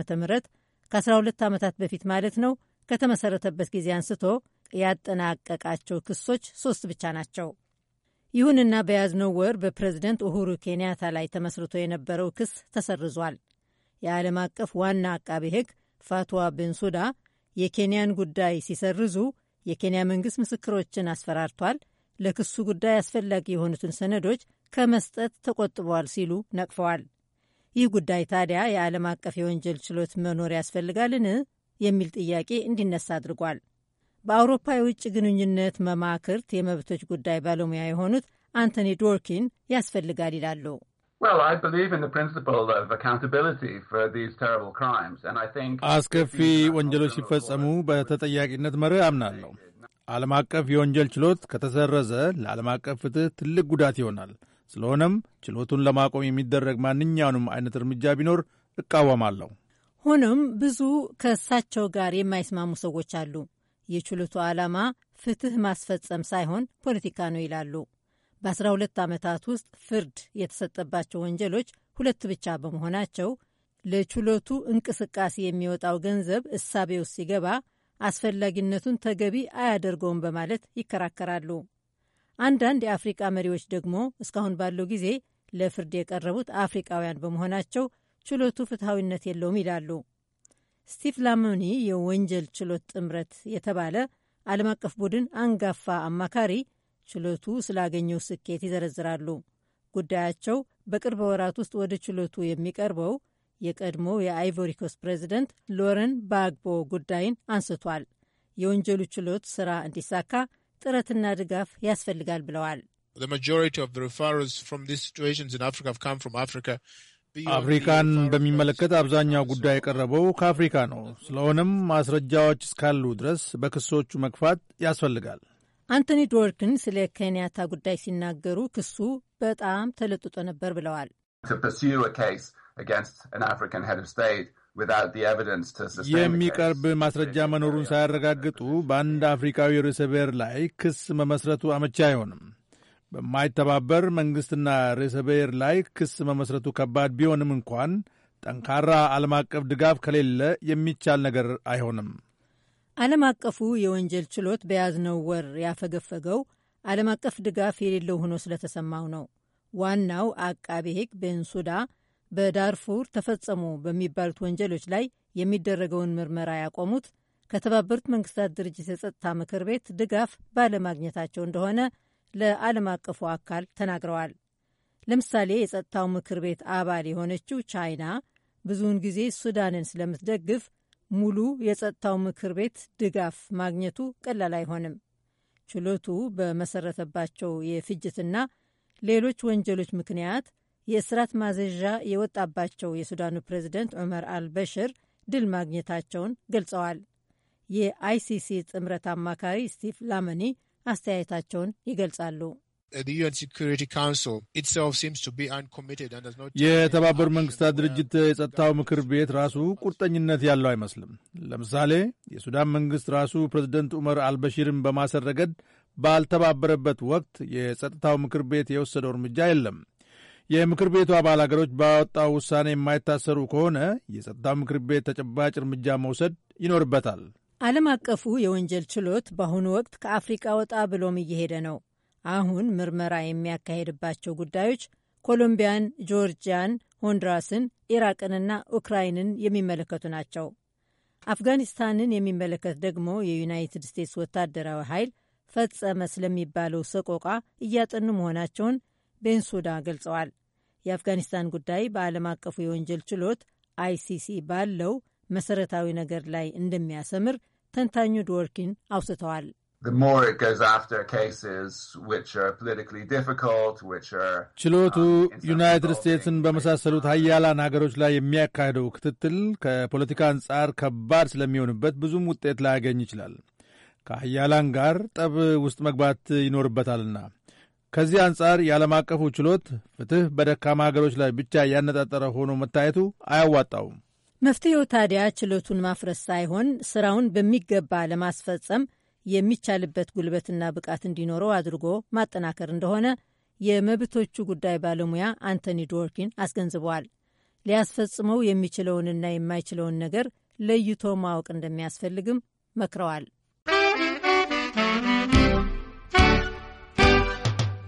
ከ12 ዓመታት በፊት ማለት ነው ከተመሰረተበት ጊዜ አንስቶ ያጠናቀቃቸው ክሶች ሶስት ብቻ ናቸው። ይሁንና በያዝነው ወር በፕሬዝደንት ኡሁሩ ኬንያታ ላይ ተመስርቶ የነበረው ክስ ተሰርዟል። የዓለም አቀፍ ዋና አቃቤ ሕግ ፋትዋ ቤንሱዳ የኬንያን ጉዳይ ሲሰርዙ የኬንያ መንግስት ምስክሮችን አስፈራርቷል፣ ለክሱ ጉዳይ አስፈላጊ የሆኑትን ሰነዶች ከመስጠት ተቆጥበዋል ሲሉ ነቅፈዋል። ይህ ጉዳይ ታዲያ የዓለም አቀፍ የወንጀል ችሎት መኖር ያስፈልጋልን የሚል ጥያቄ እንዲነሳ አድርጓል። በአውሮፓ የውጭ ግንኙነት መማክርት የመብቶች ጉዳይ ባለሙያ የሆኑት አንቶኒ ዶርኪን ያስፈልጋል ይላሉ። አስከፊ ወንጀሎች ሲፈጸሙ በተጠያቂነት መርህ አምናለሁ። ዓለም አቀፍ የወንጀል ችሎት ከተሰረዘ ለዓለም አቀፍ ፍትህ ትልቅ ጉዳት ይሆናል። ስለሆነም ችሎቱን ለማቆም የሚደረግ ማንኛውንም አይነት እርምጃ ቢኖር እቃወማለሁ። ሆኖም ብዙ ከእሳቸው ጋር የማይስማሙ ሰዎች አሉ። የችሎቱ ዓላማ ፍትህ ማስፈጸም ሳይሆን ፖለቲካ ነው ይላሉ። በ12 ዓመታት ውስጥ ፍርድ የተሰጠባቸው ወንጀሎች ሁለት ብቻ በመሆናቸው ለችሎቱ እንቅስቃሴ የሚወጣው ገንዘብ እሳቤ ውስጥ ሲገባ አስፈላጊነቱን ተገቢ አያደርገውም በማለት ይከራከራሉ። አንዳንድ የአፍሪቃ መሪዎች ደግሞ እስካሁን ባለው ጊዜ ለፍርድ የቀረቡት አፍሪቃውያን በመሆናቸው ችሎቱ ፍትሐዊነት የለውም ይላሉ። ስቲቭ ላሞኒ የወንጀል ችሎት ጥምረት የተባለ ዓለም አቀፍ ቡድን አንጋፋ አማካሪ ችሎቱ ስላገኘው ስኬት ይዘረዝራሉ። ጉዳያቸው በቅርብ ወራት ውስጥ ወደ ችሎቱ የሚቀርበው የቀድሞ የአይቮሪኮስ ፕሬዚደንት ሎረን ባግቦ ጉዳይን አንስቷል። የወንጀሉ ችሎት ስራ እንዲሳካ ጥረትና ድጋፍ ያስፈልጋል ብለዋል። አፍሪካን በሚመለከት አብዛኛው ጉዳይ የቀረበው ከአፍሪካ ነው። ስለሆነም ማስረጃዎች እስካሉ ድረስ በክሶቹ መግፋት ያስፈልጋል። አንቶኒ ድወርክን ስለ ኬንያታ ጉዳይ ሲናገሩ ክሱ በጣም ተለጥጦ ነበር ብለዋል። የሚቀርብ ማስረጃ መኖሩን ሳያረጋግጡ በአንድ አፍሪካዊ ርዕሰ ብሔር ላይ ክስ መመስረቱ አመቺ አይሆንም። በማይተባበር መንግሥትና ርዕሰ ብሔር ላይ ክስ መመስረቱ ከባድ ቢሆንም እንኳን ጠንካራ ዓለም አቀፍ ድጋፍ ከሌለ የሚቻል ነገር አይሆንም። ዓለም አቀፉ የወንጀል ችሎት በያዝነው ወር ያፈገፈገው ዓለም አቀፍ ድጋፍ የሌለው ሆኖ ስለተሰማው ነው። ዋናው አቃቤ ሕግ ቤንሱዳ በዳርፉር ተፈጸሙ በሚባሉት ወንጀሎች ላይ የሚደረገውን ምርመራ ያቆሙት ከተባበሩት መንግስታት ድርጅት የጸጥታ ምክር ቤት ድጋፍ ባለማግኘታቸው እንደሆነ ለዓለም አቀፉ አካል ተናግረዋል። ለምሳሌ የጸጥታው ምክር ቤት አባል የሆነችው ቻይና ብዙውን ጊዜ ሱዳንን ስለምትደግፍ ሙሉ የጸጥታው ምክር ቤት ድጋፍ ማግኘቱ ቀላል አይሆንም። ችሎቱ በመሰረተባቸው የፍጅትና ሌሎች ወንጀሎች ምክንያት የእስራት ማዘዣ የወጣባቸው የሱዳኑ ፕሬዚደንት ዑመር አልበሽር ድል ማግኘታቸውን ገልጸዋል። የአይሲሲ ጥምረት አማካሪ ስቲቭ ላመኒ አስተያየታቸውን ይገልጻሉ። Uh, የተባበሩት መንግስታት ድርጅት የጸጥታው ምክር ቤት ራሱ ቁርጠኝነት ያለው አይመስልም። ለምሳሌ የሱዳን መንግስት ራሱ ፕሬዝደንት ዑመር አልበሺርን በማሰር ረገድ ባልተባበረበት ወቅት የጸጥታው ምክር ቤት የወሰደው እርምጃ የለም። የምክር ቤቱ አባል አገሮች ባወጣው ውሳኔ የማይታሰሩ ከሆነ የጸጥታው ምክር ቤት ተጨባጭ እርምጃ መውሰድ ይኖርበታል። ዓለም አቀፉ የወንጀል ችሎት በአሁኑ ወቅት ከአፍሪቃ ወጣ ብሎም እየሄደ ነው። አሁን ምርመራ የሚያካሄድባቸው ጉዳዮች ኮሎምቢያን፣ ጆርጂያን፣ ሆንዱራስን፣ ኢራቅንና ኡክራይንን የሚመለከቱ ናቸው። አፍጋኒስታንን የሚመለከት ደግሞ የዩናይትድ ስቴትስ ወታደራዊ ኃይል ፈጸመ ስለሚባለው ሰቆቃ እያጠኑ መሆናቸውን ቤንሱዳ ገልጸዋል። የአፍጋኒስታን ጉዳይ በዓለም አቀፉ የወንጀል ችሎት አይሲሲ ባለው መሰረታዊ ነገር ላይ እንደሚያሰምር ተንታኙ ድወርኪን አውስተዋል። ችሎቱ ዩናይትድ ስቴትስን በመሳሰሉት ሀያላን ሀገሮች ላይ የሚያካሄደው ክትትል ከፖለቲካ አንጻር ከባድ ስለሚሆንበት ብዙም ውጤት ላያገኝ ይችላል። ከሀያላን ጋር ጠብ ውስጥ መግባት ይኖርበታልና። ከዚህ አንጻር የዓለም አቀፉ ችሎት ፍትህ በደካማ ሀገሮች ላይ ብቻ ያነጣጠረ ሆኖ መታየቱ አያዋጣውም። መፍትሄው ታዲያ ችሎቱን ማፍረስ ሳይሆን ስራውን በሚገባ ለማስፈጸም የሚቻልበት ጉልበትና ብቃት እንዲኖረው አድርጎ ማጠናከር እንደሆነ የመብቶቹ ጉዳይ ባለሙያ አንቶኒ ዶርኪን አስገንዝበዋል። ሊያስፈጽመው የሚችለውንና የማይችለውን ነገር ለይቶ ማወቅ እንደሚያስፈልግም መክረዋል።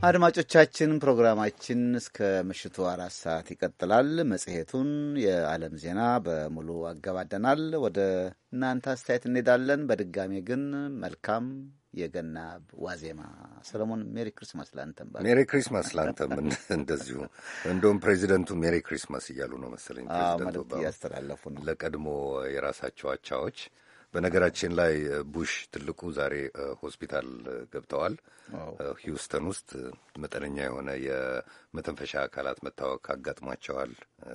አድማጮቻችን ፕሮግራማችን እስከ ምሽቱ አራት ሰዓት ይቀጥላል። መጽሔቱን የዓለም ዜና በሙሉ አገባደናል። ወደ እናንተ አስተያየት እንሄዳለን። በድጋሜ ግን መልካም የገና ዋዜማ ሰለሞን፣ ሜሪ ክሪስማስ ላንተም። ሜሪ ክሪስማስ ላንተም እንደዚሁ። እንደውም ፕሬዚደንቱ ሜሪ ክሪስማስ እያሉ ነው መሰለኝ ፕሬዚደንቱ እያስተላለፉ ነው ለቀድሞ የራሳቸው አቻዎች በነገራችን ላይ ቡሽ ትልቁ ዛሬ ሆስፒታል ገብተዋል። ሂውስተን ውስጥ መጠነኛ የሆነ የመተንፈሻ አካላት መታወክ አጋጥሟቸዋል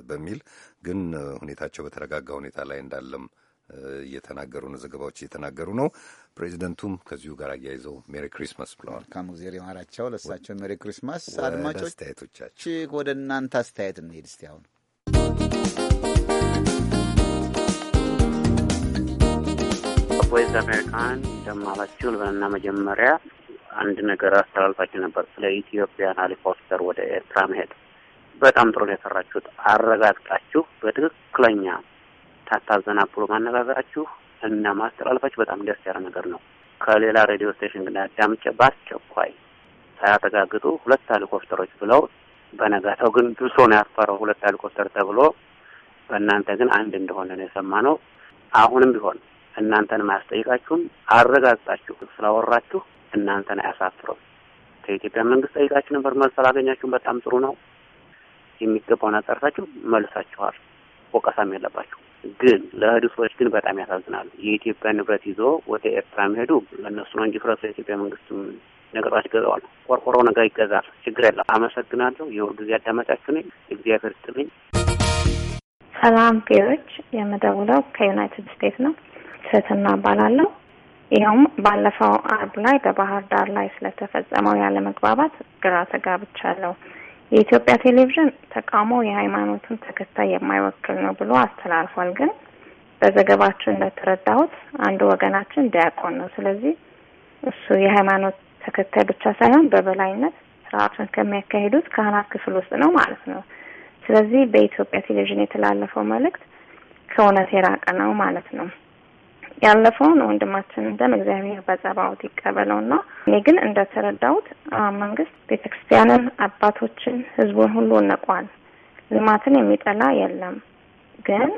በሚል ግን ሁኔታቸው በተረጋጋ ሁኔታ ላይ እንዳለም እየተናገሩ ነው። ዘገባዎች እየተናገሩ ነው። ፕሬዚደንቱም ከዚሁ ጋር አያይዘው ሜሪ ክሪስማስ ብለዋል። መልካም ጊዜ ይማራቸው። ለሳቸው ሜሪ ክሪስማስ። አድማጮች ወደ እናንተ አስተያየት እንሄድ እስቲ አሁን ቮይስ አሜሪካን እንደማላችሁ ልበልና መጀመሪያ አንድ ነገር አስተላልፋችሁ ነበር ስለ ኢትዮጵያን ሄሊኮፕተር ወደ ኤርትራ መሄድ። በጣም ጥሩ ነው የሰራችሁት። አረጋግጣችሁ በትክክለኛ ታታዘና ብሎ ማነጋገራችሁ እና ማስተላለፋችሁ በጣም ደስ ያለ ነገር ነው። ከሌላ ሬዲዮ ስቴሽን ግን አዳምጬ በአስቸኳይ ሳያረጋግጡ ሁለት ሄሊኮፕተሮች ብለው በነጋታው ግን ብሶ ነው ያፈረው ሁለት ሄሊኮፕተር ተብሎ በእናንተ ግን አንድ እንደሆነ ነው የሰማነው። አሁንም ቢሆን እናንተን አያስጠይቃችሁም። አረጋግጣችሁ ስላወራችሁ እናንተን አያሳፍረው። ከኢትዮጵያ መንግስት ጠይቃችሁ ነበር፣ መልስ አላገኛችሁም። በጣም ጥሩ ነው። የሚገባውን አጣርታችሁ መልሳችኋል። ወቀሳም የለባችሁ። ግን ለህዱ ሰዎች ግን በጣም ያሳዝናሉ። የኢትዮጵያ ንብረት ይዞ ወደ ኤርትራ መሄዱ ለእነሱ ነው እንጂ ፍረሱ የኢትዮጵያ መንግስትም ነገሯች ይገዛዋል። ቆርቆሮ ነገር ይገዛል። ችግር የለም። አመሰግናለሁ። የሁል ጊዜ አዳመጫችሁ ነኝ። እግዚአብሔር ስጥልኝ። ሰላም ፔሮች፣ የምደውለው ከዩናይትድ ስቴትስ ነው። ትህትና እባላለሁ። ይኸውም ባለፈው አርብ ላይ በባህር ዳር ላይ ስለተፈጸመው ያለመግባባት ግራ ተጋብቻለሁ። የኢትዮጵያ ቴሌቪዥን ተቃውሞ የሃይማኖትን ተከታይ የማይወክል ነው ብሎ አስተላልፏል። ግን በዘገባችን እንደተረዳሁት አንዱ ወገናችን ዲያቆን ነው። ስለዚህ እሱ የሃይማኖት ተከታይ ብቻ ሳይሆን በበላይነት ስርዓቱን ከሚያካሂዱት ካህናት ክፍል ውስጥ ነው ማለት ነው። ስለዚህ በኢትዮጵያ ቴሌቪዥን የተላለፈው መልእክት ከእውነት የራቀ ነው ማለት ነው። ያለፈውን ወንድማችን ደም እግዚአብሔር በጸባዖት ይቀበለው ና እኔ ግን እንደተረዳሁት መንግስት ቤተ ክርስቲያንን፣ አባቶችን፣ ህዝቡን ሁሉ እንቋል። ልማትን የሚጠላ የለም። ግን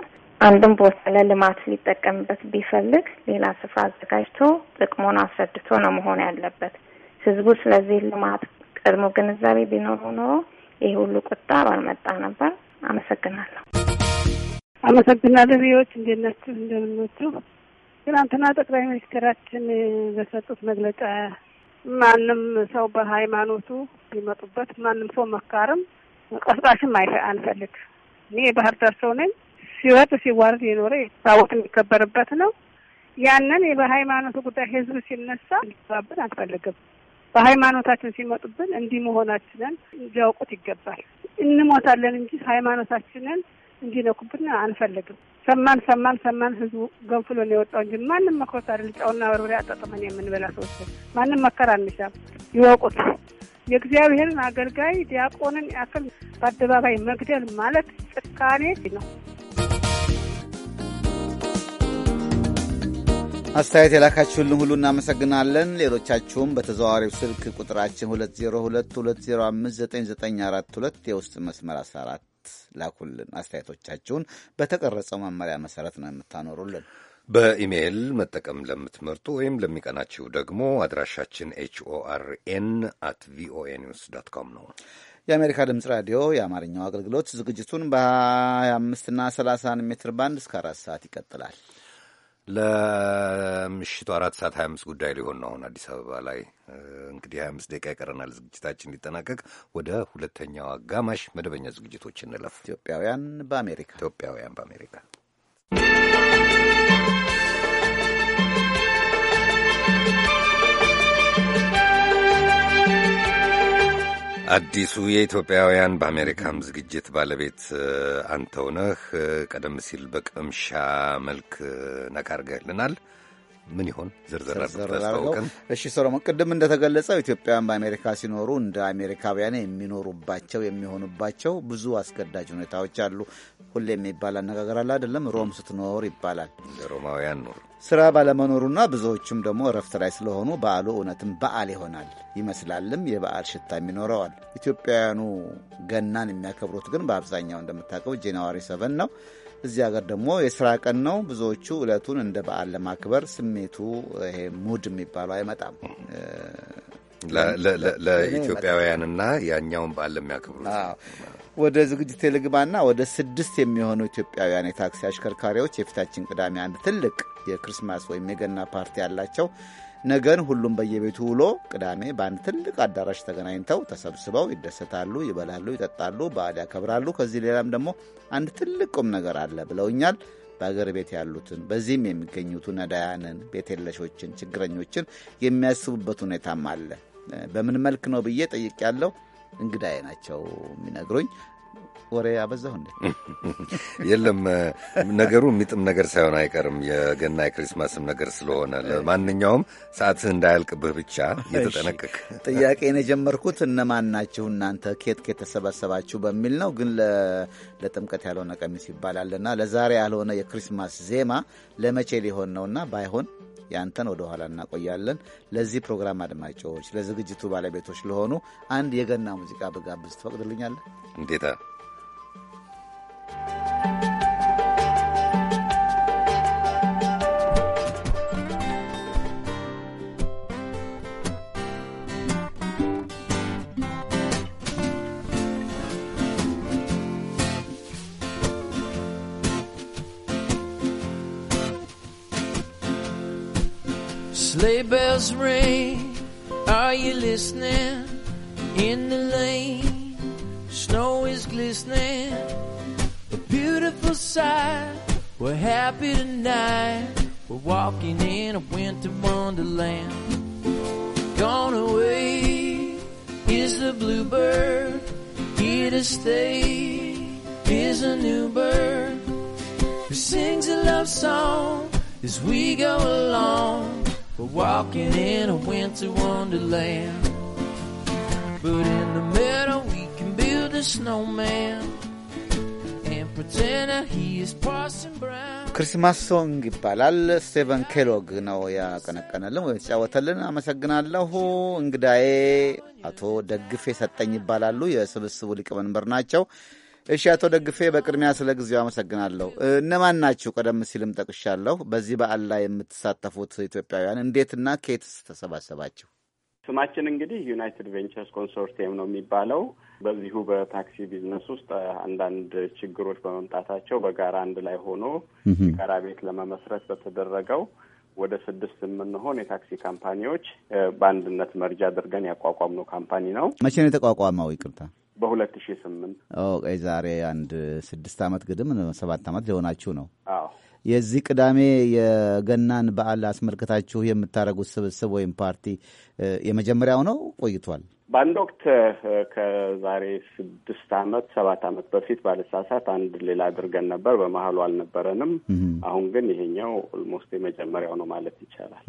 አንድም ቦታ ለልማት ሊጠቀምበት ቢፈልግ ሌላ ስፍራ አዘጋጅቶ ጥቅሙን አስረድቶ ነው መሆን ያለበት። ህዝቡ ስለዚህ ልማት ቀድሞ ግንዛቤ ቢኖረው ኖሮ ይህ ሁሉ ቁጣ ባልመጣ ነበር። አመሰግናለሁ። አመሰግናለሁ። ሪዎች እንደምን ናችሁ? ትናንትና ጠቅላይ ሚኒስትራችን በሰጡት መግለጫ ማንም ሰው በሃይማኖቱ ቢመጡበት ማንም ሰው መካርም ቀስቃሽም አንፈልግ። እኔ የባህር ዳር ሰው ነኝ። ሲወርድ ሲዋረድ የኖረ ታቦት የሚከበርበት ነው። ያንን በሃይማኖቱ ጉዳይ ህዝብ ሲነሳ ሊባብን አንፈልግም። በሃይማኖታችን ሲመጡብን እንዲህ መሆናችንን እንዲያውቁት ይገባል። እንሞታለን እንጂ ሃይማኖታችንን እንዲነኩብና አንፈልግም። ሰማን ሰማን ሰማን ህዝቡ ገንፍሎ ነው የወጣው እንጂ ማንም መክሮት አይደል። ጫውና በርበሬ አጣጥመን የምንበላ ሰዎች ማንም መከራ አንሻም። ይወቁት። የእግዚአብሔርን አገልጋይ ዲያቆንን ያክል በአደባባይ መግደል ማለት ጭካኔ ነው። አስተያየት የላካችሁልን ሁሉ እናመሰግናለን። ሌሎቻችሁም በተዘዋዋሪው ስልክ ቁጥራችን 2022059942 የውስጥ መስመር 14 ላኩልን። አስተያየቶቻችሁን በተቀረጸው መመሪያ መሰረት ነው የምታኖሩልን። በኢሜይል መጠቀም ለምትመርጡ ወይም ለሚቀናችሁ ደግሞ አድራሻችን ኤችኦአርኤን አት ቪኦኤ ኒውስ ዶት ኮም ነው። የአሜሪካ ድምፅ ራዲዮ የአማርኛው አገልግሎት ዝግጅቱን በ25ና 30 ሜትር ባንድ እስከ አራት ሰዓት ይቀጥላል። ለምሽቱ አራት ሰዓት ሀያ አምስት ጉዳይ ሊሆን ነው አሁን አዲስ አበባ ላይ እንግዲህ ሀያ አምስት ደቂቃ ይቀረናል ዝግጅታችን ሊጠናቀቅ። ወደ ሁለተኛው አጋማሽ መደበኛ ዝግጅቶች እንለፍ። ኢትዮጵያውያን በአሜሪካ ኢትዮጵያውያን በአሜሪካ አዲሱ የኢትዮጵያውያን በአሜሪካም ዝግጅት ባለቤት አንተውነህ ቀደም ሲል በቅምሻ መልክ ነካ ምን ይሆን ዝርዝር እሺ ሰሎሞን፣ ቅድም እንደተገለጸው ኢትዮጵያውያን በአሜሪካ ሲኖሩ እንደ አሜሪካውያን የሚኖሩባቸው የሚሆኑባቸው ብዙ አስገዳጅ ሁኔታዎች አሉ። ሁሌ የሚባል አነጋገር አለ አይደለም፣ ሮም ስትኖር ይባላል። ሮማውያን ኖሩ ስራ ባለመኖሩና ብዙዎቹም ደግሞ እረፍት ላይ ስለሆኑ በዓሉ እውነትም በዓል ይሆናል ይመስላልም የበዓል ሽታም ይኖረዋል። ኢትዮጵያውያኑ ገናን የሚያከብሩት ግን በአብዛኛው እንደምታውቀው ጃንዋሪ ሰቨን ነው። እዚህ ሀገር ደግሞ የስራ ቀን ነው። ብዙዎቹ እለቱን እንደ በዓል ለማክበር ስሜቱ ይሄ ሙድ የሚባለው አይመጣም። ለኢትዮጵያውያንና ያኛውን በዓል ለሚያከብሩት ወደ ዝግጅት ልግባና ወደ ስድስት የሚሆኑ ኢትዮጵያውያን የታክሲ አሽከርካሪዎች የፊታችን ቅዳሜ አንድ ትልቅ የክርስማስ ወይም የገና ፓርቲ ያላቸው ነገን ሁሉም በየቤቱ ውሎ ቅዳሜ በአንድ ትልቅ አዳራሽ ተገናኝተው ተሰብስበው ይደሰታሉ፣ ይበላሉ፣ ይጠጣሉ፣ በዓል ያከብራሉ። ከዚህ ሌላም ደግሞ አንድ ትልቅ ቁም ነገር አለ ብለውኛል። በአገር ቤት ያሉትን በዚህም የሚገኙት ነዳያንን፣ ቤት የለሾችን፣ ችግረኞችን የሚያስቡበት ሁኔታም አለ። በምን መልክ ነው ብዬ ጠይቅ ያለው እንግዳዬ ናቸው የሚነግሩኝ። ወሬ ያበዛው እንዴ? የለም ነገሩ የሚጥም ነገር ሳይሆን አይቀርም። የገና የክሪስማስም ነገር ስለሆነ ለማንኛውም ሰዓትህ እንዳያልቅብህ ብቻ እየተጠነቀቅ ጥያቄን የጀመርኩት እነማን ናችሁ እናንተ ኬት የተሰበሰባችሁ በሚል ነው። ግን ለጥምቀት ያልሆነ ቀሚስ ይባላልና ለዛሬ ያልሆነ የክሪስማስ ዜማ ለመቼ ሊሆን ነውና ባይሆን ያንተን ወደ ኋላ እናቆያለን። ለዚህ ፕሮግራም አድማጮች፣ ለዝግጅቱ ባለቤቶች ለሆኑ አንድ የገና ሙዚቃ ብጋብዝ ትፈቅድልኛለህ? እንዴታ sleigh bells ring. Are you listening? In the lane, snow is glistening. A beautiful sight. We're happy tonight. We're walking in a winter wonderland. Gone away is the bluebird. Here to stay is a new bird who sings a love song as we go along We're walking in a winter wonderland. But in the middle, we can build a snowman and pretend that he is Parson Brown. ክሪስማስ ሶንግ ይባላል። ስቴቨን ኬሎግ ነው ያቀነቀነልን ወይም የተጫወተልን። አመሰግናለሁ። እንግዳዬ አቶ ደግፌ ሰጠኝ ይባላሉ። የስብስቡ ሊቀመንበር ናቸው። እሺ አቶ ደግፌ በቅድሚያ ስለ ጊዜው አመሰግናለሁ። እነማን ናችሁ? ቀደም ሲልም ጠቅሻለሁ። በዚህ በዓል ላይ የምትሳተፉት ኢትዮጵያውያን እንዴትና ከየትስ ተሰባሰባችሁ? ስማችን እንግዲህ ዩናይትድ ቬንቸርስ ኮንሶርቲየም ነው የሚባለው። በዚሁ በታክሲ ቢዝነስ ውስጥ አንዳንድ ችግሮች በመምጣታቸው በጋራ አንድ ላይ ሆኖ የጋራ ቤት ለመመስረት በተደረገው ወደ ስድስት የምንሆን የታክሲ ካምፓኒዎች በአንድነት መርጃ አድርገን ያቋቋምነው ካምፓኒ ነው። መቼ ነው የተቋቋመው? ይቅርታ በሁለት 208 ስምንት ዛሬ አንድ ስድስት ዓመት ግድም ሰባት ዓመት ሊሆናችሁ ነው። አዎ የዚህ ቅዳሜ የገናን በዓል አስመልክታችሁ የምታደርጉት ስብስብ ወይም ፓርቲ የመጀመሪያው ነው ቆይቷል? በአንድ ወቅት ከዛሬ ስድስት አመት ሰባት አመት በፊት ባለሳሳት አንድ ሌላ አድርገን ነበር። በመሀሉ አልነበረንም። አሁን ግን ይሄኛው ኦልሞስት የመጀመሪያው ነው ማለት ይቻላል።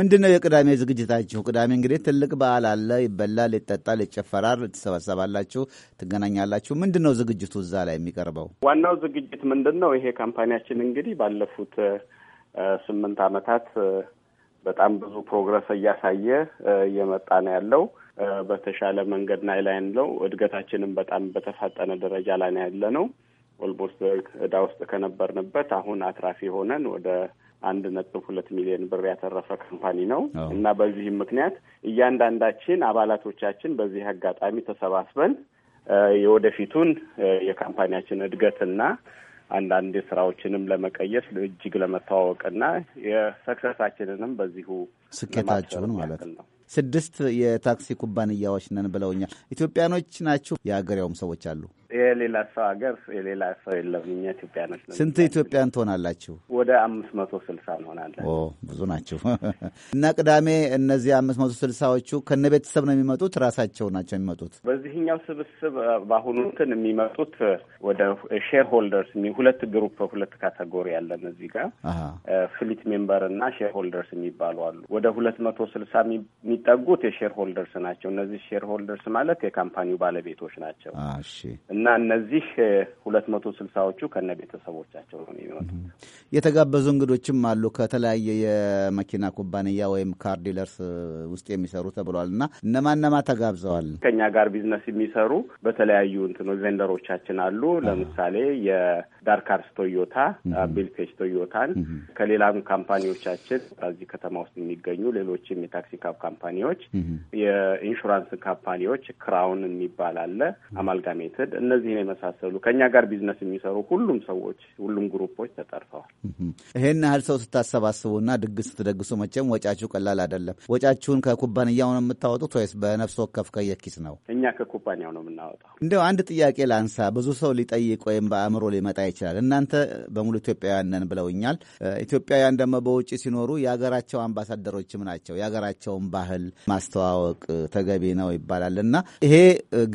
ምንድን ነው የቅዳሜ ዝግጅታችሁ? ቅዳሜ እንግዲህ ትልቅ በዓል አለ። ይበላል፣ ይጠጣል፣ ይጨፈራል፣ ትሰበሰባላችሁ፣ ትገናኛላችሁ። ምንድን ነው ዝግጅቱ እዛ ላይ የሚቀርበው? ዋናው ዝግጅት ምንድን ነው? ይሄ ካምፓኒያችን እንግዲህ ባለፉት ስምንት አመታት በጣም ብዙ ፕሮግረስ እያሳየ እየመጣ ነው ያለው። በተሻለ መንገድ ላይ ላይ ነው እድገታችንም በጣም በተፋጠነ ደረጃ ላይ ነው ያለ ነው። ኦልሞስት እዳ ውስጥ ከነበርንበት አሁን አትራፊ ሆነን ወደ አንድ ነጥብ ሁለት ሚሊዮን ብር ያተረፈ ካምፓኒ ነው እና በዚህም ምክንያት እያንዳንዳችን አባላቶቻችን በዚህ አጋጣሚ ተሰባስበን የወደፊቱን የካምፓኒያችን እድገትና አንዳንድ ስራዎችንም ለመቀየስ እጅግ ለመተዋወቅና የሰክሰሳችንንም በዚሁ ስኬታችሁን ማለት ነው። ስድስት የታክሲ ኩባንያዎች ነን ብለውኛል። ኢትዮጵያኖች ናችሁ? የአገሬውም ሰዎች አሉ? የሌላ ሰው ሀገር የሌላ ሰው የለም። እኛ ኢትዮጵያኖች ነው። ስንት ኢትዮጵያን ትሆናላችሁ? ወደ አምስት መቶ ስልሳ እንሆናለን። ብዙ ናችሁ። እና ቅዳሜ እነዚህ አምስት መቶ ስልሳዎቹ ከነ ቤተሰብ ነው የሚመጡት? ራሳቸው ናቸው የሚመጡት? በዚህኛው ስብስብ በአሁኑ እንትን የሚመጡት ወደ ሼር ሆልደርስ ሁለት ግሩፕ ሁለት ካተጎሪ ያለን እዚህ ጋር ፍሊት ሜምበር እና ሼር ሆልደርስ የሚባሉ አሉ። ወደ ሁለት መቶ ስልሳ የሚጠጉት የሼር ሆልደርስ ናቸው። እነዚህ ሼር ሆልደርስ ማለት የካምፓኒው ባለቤቶች ናቸው። እና እነዚህ ሁለት መቶ ስልሳዎቹ ከነ ቤተሰቦቻቸው ነው የሚመጡ። የተጋበዙ እንግዶችም አሉ ከተለያየ የመኪና ኩባንያ ወይም ካር ዲለርስ ውስጥ የሚሰሩ ተብሏል። እና እነማን ነማ ተጋብዘዋል? ከኛ ጋር ቢዝነስ የሚሰሩ በተለያዩ እንትኖ ቬንደሮቻችን አሉ። ለምሳሌ የዳርካርስ ቶዮታ፣ ቢልፔጅ ቶዮታን ከሌላም ካምፓኒዎቻችን በዚህ ከተማ ውስጥ የሚገኙ ሌሎችም የታክሲ ካብ ካምፓኒዎች፣ የኢንሹራንስ ካምፓኒዎች ክራውን የሚባል አለ አማልጋሜትድ እነዚህን የመሳሰሉ ከእኛ ጋር ቢዝነስ የሚሰሩ ሁሉም ሰዎች፣ ሁሉም ግሩፖች ተጠርተዋል። ይሄን ያህል ሰው ስታሰባስቡና ድግስ ስትደግሱ መቼም ወጫችሁ ቀላል አይደለም። ወጫችሁን ከኩባንያው ነው የምታወጡት ወይስ በነፍስ ወከፍ ከየኪስ ነው? እኛ ከኩባንያው ነው የምናወጣው። እንዲያው አንድ ጥያቄ ላንሳ። ብዙ ሰው ሊጠይቅ ወይም በአእምሮ ሊመጣ ይችላል። እናንተ በሙሉ ኢትዮጵያውያን ነን ብለውኛል። ኢትዮጵያውያን ደግሞ በውጭ ሲኖሩ የሀገራቸው አምባሳደሮችም ናቸው። የሀገራቸውን ባህል ማስተዋወቅ ተገቢ ነው ይባላል እና ይሄ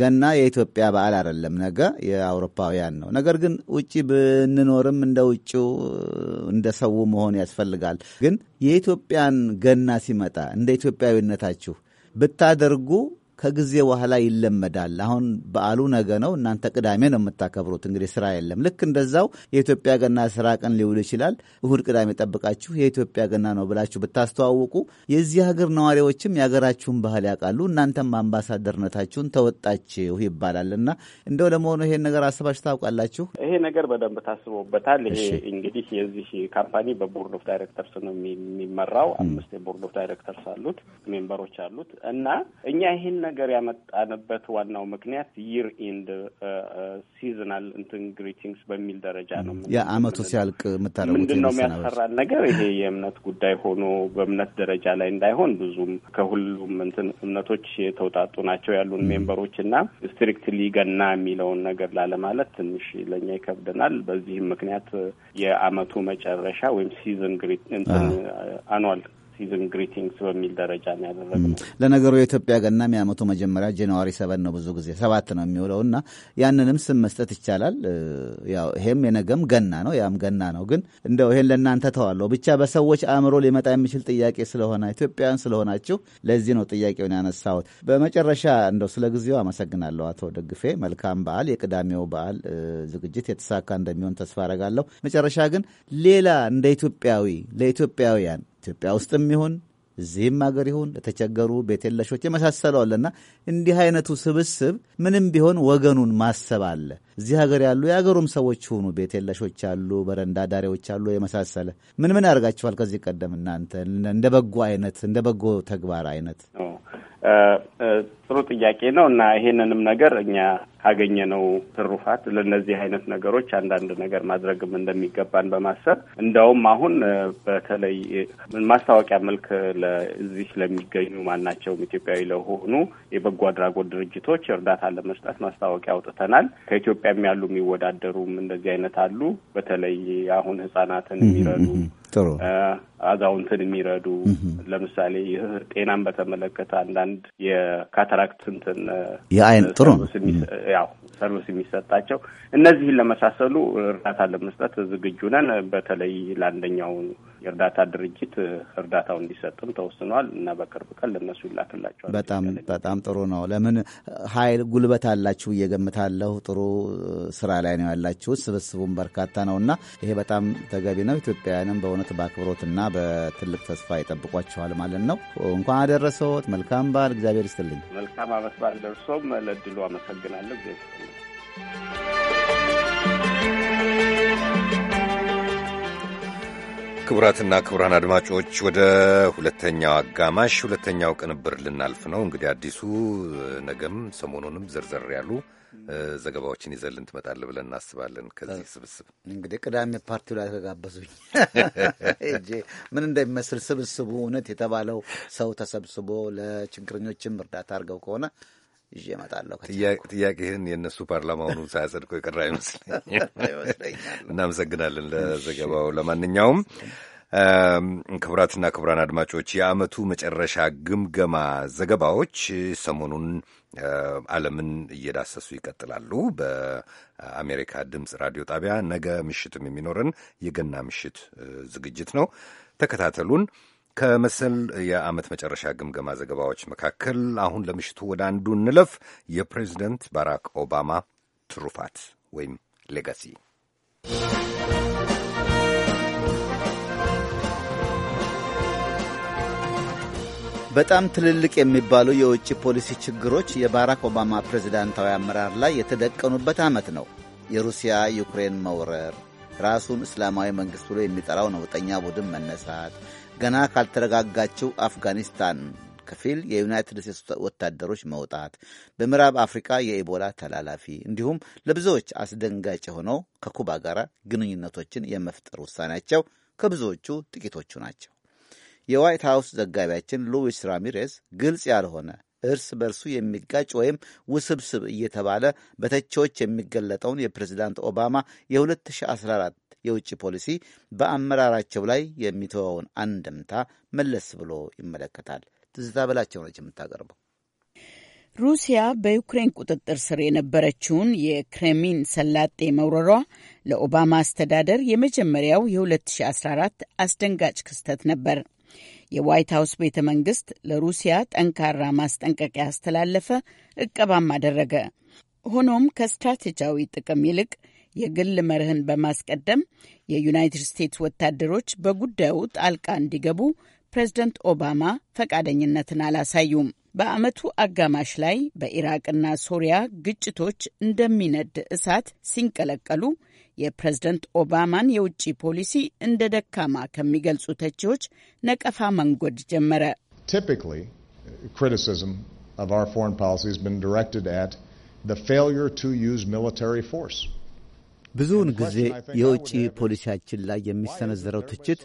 ገና የኢትዮጵያ በዓል አይደለም ነገ የአውሮፓውያን ነው። ነገር ግን ውጭ ብንኖርም እንደ ውጭው እንደ ሰው መሆን ያስፈልጋል። ግን የኢትዮጵያን ገና ሲመጣ እንደ ኢትዮጵያዊነታችሁ ብታደርጉ ከጊዜ በኋላ ይለመዳል። አሁን በዓሉ ነገ ነው፣ እናንተ ቅዳሜ ነው የምታከብሩት፣ እንግዲህ ስራ የለም። ልክ እንደዛው የኢትዮጵያ ገና ስራ ቀን ሊውል ይችላል። እሁድ ቅዳሜ ጠብቃችሁ የኢትዮጵያ ገና ነው ብላችሁ ብታስተዋውቁ የዚህ ሀገር ነዋሪዎችም የሀገራችሁን ባህል ያውቃሉ፣ እናንተም አምባሳደርነታችሁን ተወጣችሁ ይባላል እና እንደው ለመሆኑ ይሄን ነገር አስባችሁ ታውቃላችሁ? ይሄ ነገር በደንብ ታስቦበታል። ይሄ እንግዲህ የዚህ ካምፓኒ በቦርድ ኦፍ ዳይሬክተርስ ነው የሚመራው። አምስት የቦርድ ኦፍ ዳይሬክተርስ አሉት፣ ሜምበሮች አሉት እና እኛ ይህን ነገር ያመጣንበት ዋናው ምክንያት ይር ኢንድ ሲዝናል እንትን ግሪቲንግስ በሚል ደረጃ ነው። የአመቱ ሲያልቅ የምታደረጉት ምንድን ነው የሚያሰራል ነገር ይሄ የእምነት ጉዳይ ሆኖ በእምነት ደረጃ ላይ እንዳይሆን ብዙም ከሁሉም እንትን እምነቶች የተውጣጡ ናቸው ያሉን ሜምበሮች እና ስትሪክትሊ ገና የሚለውን ነገር ላለማለት ትንሽ ለእኛ ይከብደናል። በዚህም ምክንያት የአመቱ መጨረሻ ወይም ሲዝን ግሪት እንትን uh, አኗል ሲዝን ግሪቲንግስ በሚል ደረጃ ነው ያደረግነው። ለነገሩ የኢትዮጵያ ገናም የዓመቱ መጀመሪያ ጃንዋሪ ሰበን ነው ብዙ ጊዜ ሰባት ነው የሚውለው እና ያንንም ስም መስጠት ይቻላል። ያው ይሄም የነገም ገና ነው ያም ገና ነው። ግን እንደው ይሄን ለእናንተ ተዋለሁ ብቻ በሰዎች አእምሮ ሊመጣ የሚችል ጥያቄ ስለሆነ ኢትዮጵያውያን ስለሆናችሁ ለዚህ ነው ጥያቄውን ያነሳሁት። በመጨረሻ እንደው ስለ ጊዜው አመሰግናለሁ አቶ ደግፌ። መልካም በዓል። የቅዳሜው በዓል ዝግጅት የተሳካ እንደሚሆን ተስፋ አረጋለሁ። መጨረሻ ግን ሌላ እንደ ኢትዮጵያዊ ለኢትዮጵያውያን ኢትዮጵያ ውስጥም ይሁን እዚህም ሀገር ይሁን ለተቸገሩ ቤት የለሾች የመሳሰለዋለና እንዲህ አይነቱ ስብስብ ምንም ቢሆን ወገኑን ማሰብ አለ። እዚህ ሀገር ያሉ የአገሩም ሰዎች ሆኑ ቤት የለሾች አሉ፣ በረንዳ ዳሪዎች አሉ የመሳሰለ ምን ምን ያደርጋችኋል? ከዚህ ቀደም እናንተ እንደ በጎ አይነት እንደ በጎ ተግባር አይነት ጥሩ ጥያቄ ነው እና ይሄንንም ነገር እኛ ካገኘነው ትሩፋት ለእነዚህ አይነት ነገሮች አንዳንድ ነገር ማድረግም እንደሚገባን በማሰብ እንደውም አሁን በተለይ ማስታወቂያ መልክ ለዚህ ለሚገኙ ማናቸውም ኢትዮጵያዊ ለሆኑ የበጎ አድራጎት ድርጅቶች እርዳታ ለመስጠት ማስታወቂያ አውጥተናል። ከኢትዮ ኢትዮጵያም ያሉ የሚወዳደሩም እንደዚህ አይነት አሉ። በተለይ አሁን ህጻናትን የሚረዱ ጥሩ አዛውንትን የሚረዱ ለምሳሌ ጤናን በተመለከተ አንዳንድ የካታራክት እንትን የአይን ጥሩ ያው ሰርቪስ የሚሰጣቸው እነዚህን ለመሳሰሉ እርዳታ ለመስጠት ዝግጁ ነን። በተለይ ለአንደኛው የእርዳታ ድርጅት እርዳታው እንዲሰጥም ተወስኗል እና በቅርብ ቀን ለእነሱ ይላክላቸዋል። በጣም በጣም ጥሩ ነው። ለምን ኃይል ጉልበት አላችሁ እየገምታለሁ። ጥሩ ስራ ላይ ነው ያላችሁ። ስብስቡም በርካታ ነው እና ይሄ በጣም ተገቢ ነው። ኢትዮጵያውያንም በእውነት በአክብሮትና በትልቅ ተስፋ ይጠብቋችኋል ማለት ነው። እንኳን አደረሰዎት። መልካም በዓል። እግዚአብሔር ይስጥልኝ። መልካም አመት በዓል ደርሶም ለድሉ አመሰግናለሁ። እግዚአብሔር ክቡራትና ክቡራን አድማጮች ወደ ሁለተኛው አጋማሽ ሁለተኛው ቅንብር ልናልፍ ነው። እንግዲህ አዲሱ ነገም ሰሞኑንም ዘርዘር ያሉ ዘገባዎችን ይዘልን ትመጣል ብለን እናስባለን። ከዚህ ስብስብ እንግዲህ ቅዳሜ ፓርቲው ላይ ተጋበዙኝ እጄ ምን እንደሚመስል ስብስቡ እውነት የተባለው ሰው ተሰብስቦ ለችግረኞችም እርዳታ አድርገው ከሆነ ይዤ እመጣለሁ። ጥያቄህን የእነሱ ፓርላማውኑ ሳያጸድቆ የቀረ አይመስለኛል። እናመሰግናለን ለዘገባው። ለማንኛውም ክቡራትና ክቡራን አድማጮች የአመቱ መጨረሻ ግምገማ ዘገባዎች ሰሞኑን ዓለምን እየዳሰሱ ይቀጥላሉ። በአሜሪካ ድምፅ ራዲዮ ጣቢያ ነገ ምሽትም የሚኖረን የገና ምሽት ዝግጅት ነው። ተከታተሉን። ከመሰል የዓመት መጨረሻ ግምገማ ዘገባዎች መካከል አሁን ለምሽቱ ወደ አንዱ እንለፍ። የፕሬዚደንት ባራክ ኦባማ ትሩፋት ወይም ሌጋሲ በጣም ትልልቅ የሚባሉ የውጭ ፖሊሲ ችግሮች የባራክ ኦባማ ፕሬዚዳንታዊ አመራር ላይ የተደቀኑበት ዓመት ነው። የሩሲያ ዩክሬን መውረር፣ ራሱን እስላማዊ መንግሥት ብሎ የሚጠራው ነውጠኛ ቡድን መነሳት፣ ገና ካልተረጋጋችው አፍጋኒስታን ክፊል የዩናይትድ ስቴትስ ወታደሮች መውጣት፣ በምዕራብ አፍሪካ የኢቦላ ተላላፊ እንዲሁም ለብዙዎች አስደንጋጭ የሆነው ከኩባ ጋር ግንኙነቶችን የመፍጠር ውሳኔያቸው ከብዙዎቹ ጥቂቶቹ ናቸው። የዋይት ሀውስ ዘጋቢያችን ሉዊስ ራሚሬዝ ግልጽ ያልሆነ እርስ በርሱ የሚጋጭ ወይም ውስብስብ እየተባለ በተቺዎች የሚገለጠውን የፕሬዚዳንት ኦባማ የ2014 የውጭ ፖሊሲ በአመራራቸው ላይ የሚተወውን አንድምታ መለስ ብሎ ይመለከታል። ትዝታ በላቸው ነች የምታቀርበው። ሩሲያ በዩክሬን ቁጥጥር ስር የነበረችውን የክሬሚን ሰላጤ መውረሯ ለኦባማ አስተዳደር የመጀመሪያው የ2014 አስደንጋጭ ክስተት ነበር። የዋይት ሀውስ ቤተ መንግስት ለሩሲያ ጠንካራ ማስጠንቀቂያ አስተላለፈ፣ እቀባም አደረገ። ሆኖም ከስትራቴጂያዊ ጥቅም ይልቅ የግል መርህን በማስቀደም የዩናይትድ ስቴትስ ወታደሮች በጉዳዩ ጣልቃ እንዲገቡ ፕሬዝደንት ኦባማ ፈቃደኝነትን አላሳዩም። በዓመቱ አጋማሽ ላይ በኢራቅና ሶሪያ ግጭቶች እንደሚነድ እሳት ሲንቀለቀሉ የፕሬዝደንት ኦባማን የውጭ ፖሊሲ እንደ ደካማ ከሚገልጹ ተቺዎች ነቀፋ መንጎድ ጀመረ። ብዙውን ጊዜ የውጭ ፖሊሲያችን ላይ የሚሰነዘረው ትችት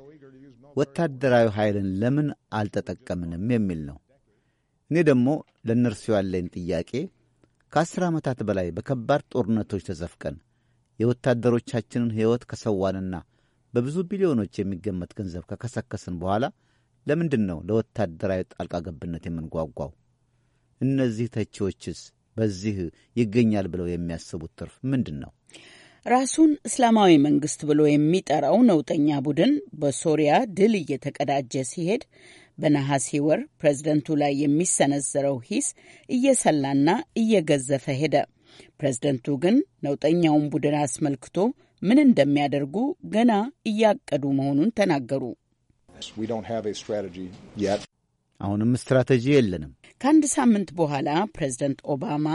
ወታደራዊ ኃይልን ለምን አልተጠቀምንም የሚል ነው። እኔ ደግሞ ለእነርሱ ያለኝ ጥያቄ ከአስር ዓመታት በላይ በከባድ ጦርነቶች ተዘፍቀን የወታደሮቻችንን ሕይወት ከሰዋንና በብዙ ቢሊዮኖች የሚገመት ገንዘብ ከከሰከስን በኋላ ለምንድን ነው ለወታደራዊ ጣልቃ ገብነት የምንጓጓው? እነዚህ ተቺዎችስ በዚህ ይገኛል ብለው የሚያስቡት ትርፍ ምንድን ነው? ራሱን እስላማዊ መንግስት ብሎ የሚጠራው ነውጠኛ ቡድን በሶሪያ ድል እየተቀዳጀ ሲሄድ በነሐሴ ወር ፕሬዝደንቱ ላይ የሚሰነዘረው ሂስ እየሰላና እየገዘፈ ሄደ። ፕሬዝደንቱ ግን ነውጠኛውን ቡድን አስመልክቶ ምን እንደሚያደርጉ ገና እያቀዱ መሆኑን ተናገሩ። አሁንም ስትራቴጂ የለንም። ከአንድ ሳምንት በኋላ ፕሬዝደንት ኦባማ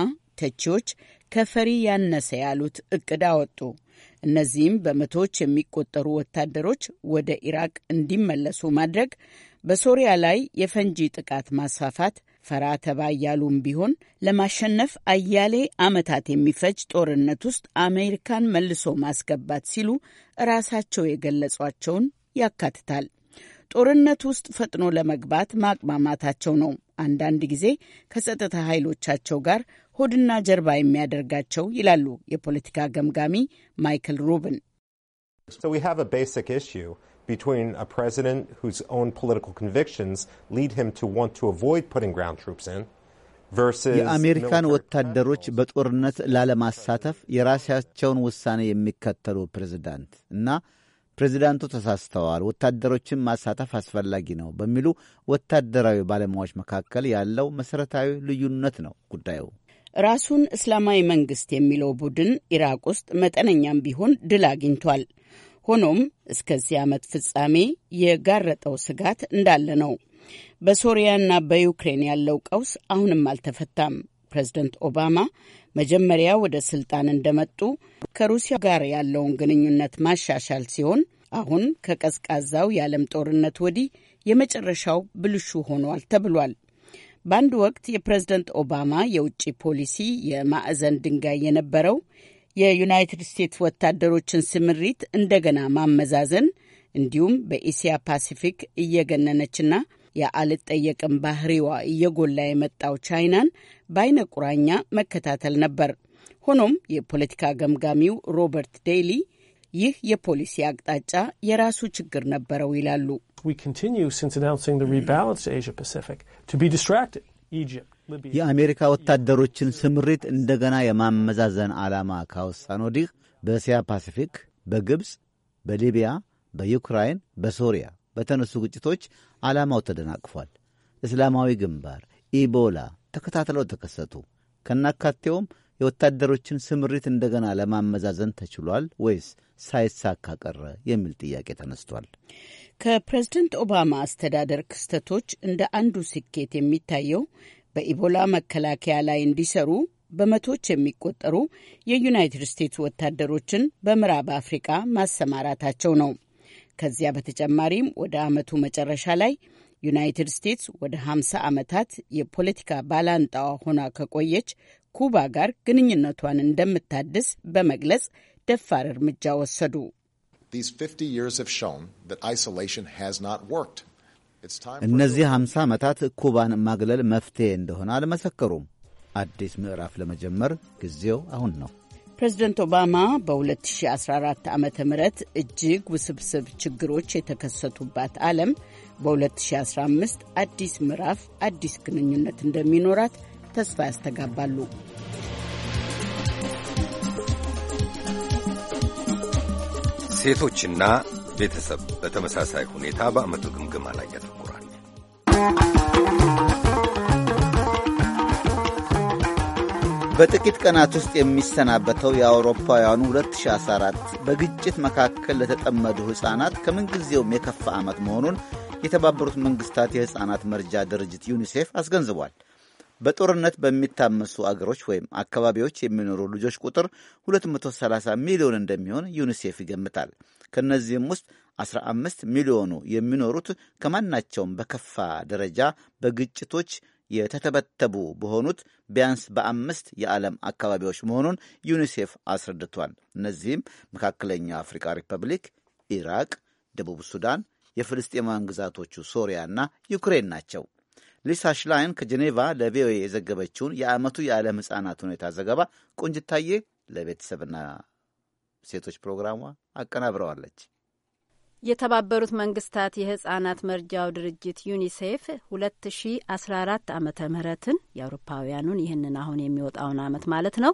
ተቺዎች ከፈሪ ያነሰ ያሉት እቅድ አወጡ። እነዚህም በመቶዎች የሚቆጠሩ ወታደሮች ወደ ኢራቅ እንዲመለሱ ማድረግ፣ በሶሪያ ላይ የፈንጂ ጥቃት ማስፋፋት፣ ፈራ ተባ እያሉም ቢሆን ለማሸነፍ አያሌ ዓመታት የሚፈጅ ጦርነት ውስጥ አሜሪካን መልሶ ማስገባት ሲሉ ራሳቸው የገለጿቸውን ያካትታል። ጦርነት ውስጥ ፈጥኖ ለመግባት ማቅማማታቸው ነው። አንዳንድ ጊዜ ከጸጥታ ኃይሎቻቸው ጋር ሆድና ጀርባ የሚያደርጋቸው ይላሉ የፖለቲካ ገምጋሚ ማይክል ሩብን። between a president whose own political convictions lead him to want to avoid putting ground troops in የአሜሪካን ወታደሮች በጦርነት ላለማሳተፍ የራሳቸውን ውሳኔ የሚከተሉ ፕሬዝዳንት እና ፕሬዝዳንቱ ተሳስተዋል፣ ወታደሮችን ማሳተፍ አስፈላጊ ነው በሚሉ ወታደራዊ ባለሙያዎች መካከል ያለው መሠረታዊ ልዩነት ነው ጉዳዩ። ራሱን እስላማዊ መንግስት የሚለው ቡድን ኢራቅ ውስጥ መጠነኛም ቢሆን ድል አግኝቷል። ሆኖም እስከዚህ ዓመት ፍጻሜ የጋረጠው ስጋት እንዳለ ነው። በሶሪያና በዩክሬን ያለው ቀውስ አሁንም አልተፈታም። ፕሬዝደንት ኦባማ መጀመሪያ ወደ ስልጣን እንደመጡ ከሩሲያ ጋር ያለውን ግንኙነት ማሻሻል ሲሆን አሁን ከቀዝቃዛው የዓለም ጦርነት ወዲህ የመጨረሻው ብልሹ ሆኗል ተብሏል። በአንድ ወቅት የፕሬዝደንት ኦባማ የውጭ ፖሊሲ የማዕዘን ድንጋይ የነበረው የዩናይትድ ስቴትስ ወታደሮችን ስምሪት እንደገና ማመዛዘን እንዲሁም በኤስያ ፓሲፊክ እየገነነችና የአልጠየቅም ባህሪዋ እየጎላ የመጣው ቻይናን በአይነ ቁራኛ መከታተል ነበር። ሆኖም የፖለቲካ ገምጋሚው ሮበርት ዴይሊ ይህ የፖሊሲ አቅጣጫ የራሱ ችግር ነበረው ይላሉ። የአሜሪካ ወታደሮችን ስምሪት እንደገና የማመዛዘን ዓላማ ካወሳን ወዲህ በእስያ ፓሲፊክ፣ በግብፅ፣ በሊቢያ፣ በዩክራይን፣ በሶሪያ በተነሱ ግጭቶች ዓላማው ተደናቅፏል። እስላማዊ ግንባር፣ ኢቦላ ተከታትለው ተከሰቱ። ከናካቴውም የወታደሮችን ስምሪት እንደገና ለማመዛዘን ተችሏል ወይስ ሳይሳካ ቀረ የሚል ጥያቄ ተነስቷል። ከፕሬዝደንት ኦባማ አስተዳደር ክስተቶች እንደ አንዱ ስኬት የሚታየው በኢቦላ መከላከያ ላይ እንዲሰሩ በመቶዎች የሚቆጠሩ የዩናይትድ ስቴትስ ወታደሮችን በምዕራብ አፍሪቃ ማሰማራታቸው ነው። ከዚያ በተጨማሪም ወደ ዓመቱ መጨረሻ ላይ ዩናይትድ ስቴትስ ወደ 50 ዓመታት የፖለቲካ ባላንጣዋ ሆና ከቆየች ኩባ ጋር ግንኙነቷን እንደምታድስ በመግለጽ ደፋር እርምጃ ወሰዱ። These 50 years have shown that isolation has not worked. እነዚህ 50 ዓመታት ኩባን ማግለል መፍትሄ እንደሆነ አልመሰከሩም። አዲስ ምዕራፍ ለመጀመር ጊዜው አሁን ነው። ፕሬዚደንት ኦባማ በ2014 ዓ ም እጅግ ውስብስብ ችግሮች የተከሰቱባት ዓለም በ2015 አዲስ ምዕራፍ፣ አዲስ ግንኙነት እንደሚኖራት ተስፋ ያስተጋባሉ። ሴቶችና ቤተሰብ በተመሳሳይ ሁኔታ በዓመቱ ግምገማ ላይ ያተኩራል። በጥቂት ቀናት ውስጥ የሚሰናበተው የአውሮፓውያኑ 2014 በግጭት መካከል ለተጠመዱ ሕፃናት ከምንጊዜውም የከፋ ዓመት መሆኑን የተባበሩት መንግሥታት የሕፃናት መርጃ ድርጅት ዩኒሴፍ አስገንዝቧል። በጦርነት በሚታመሱ አገሮች ወይም አካባቢዎች የሚኖሩ ልጆች ቁጥር 230 ሚሊዮን እንደሚሆን ዩኒሴፍ ይገምታል። ከእነዚህም ውስጥ 15 ሚሊዮኑ የሚኖሩት ከማናቸውም በከፋ ደረጃ በግጭቶች የተተበተቡ በሆኑት ቢያንስ በአምስት የዓለም አካባቢዎች መሆኑን ዩኒሴፍ አስረድቷል። እነዚህም መካከለኛ አፍሪካ ሪፐብሊክ፣ ኢራቅ፣ ደቡብ ሱዳን፣ የፍልስጤማውያን ግዛቶቹ ሶሪያና ዩክሬን ናቸው። ሊሳ ሽላይን ከጄኔቫ ለቪኦኤ የዘገበችውን የዓመቱ የዓለም ሕፃናት ሁኔታ ዘገባ ቆንጅታዬ ለቤተሰብና ሴቶች ፕሮግራሟ አቀናብረዋለች። የተባበሩት መንግስታት የህጻናት መርጃው ድርጅት ዩኒሴፍ 2014 ዓመተ ምህረትን የአውሮፓውያኑን ይህንን አሁን የሚወጣውን አመት ማለት ነው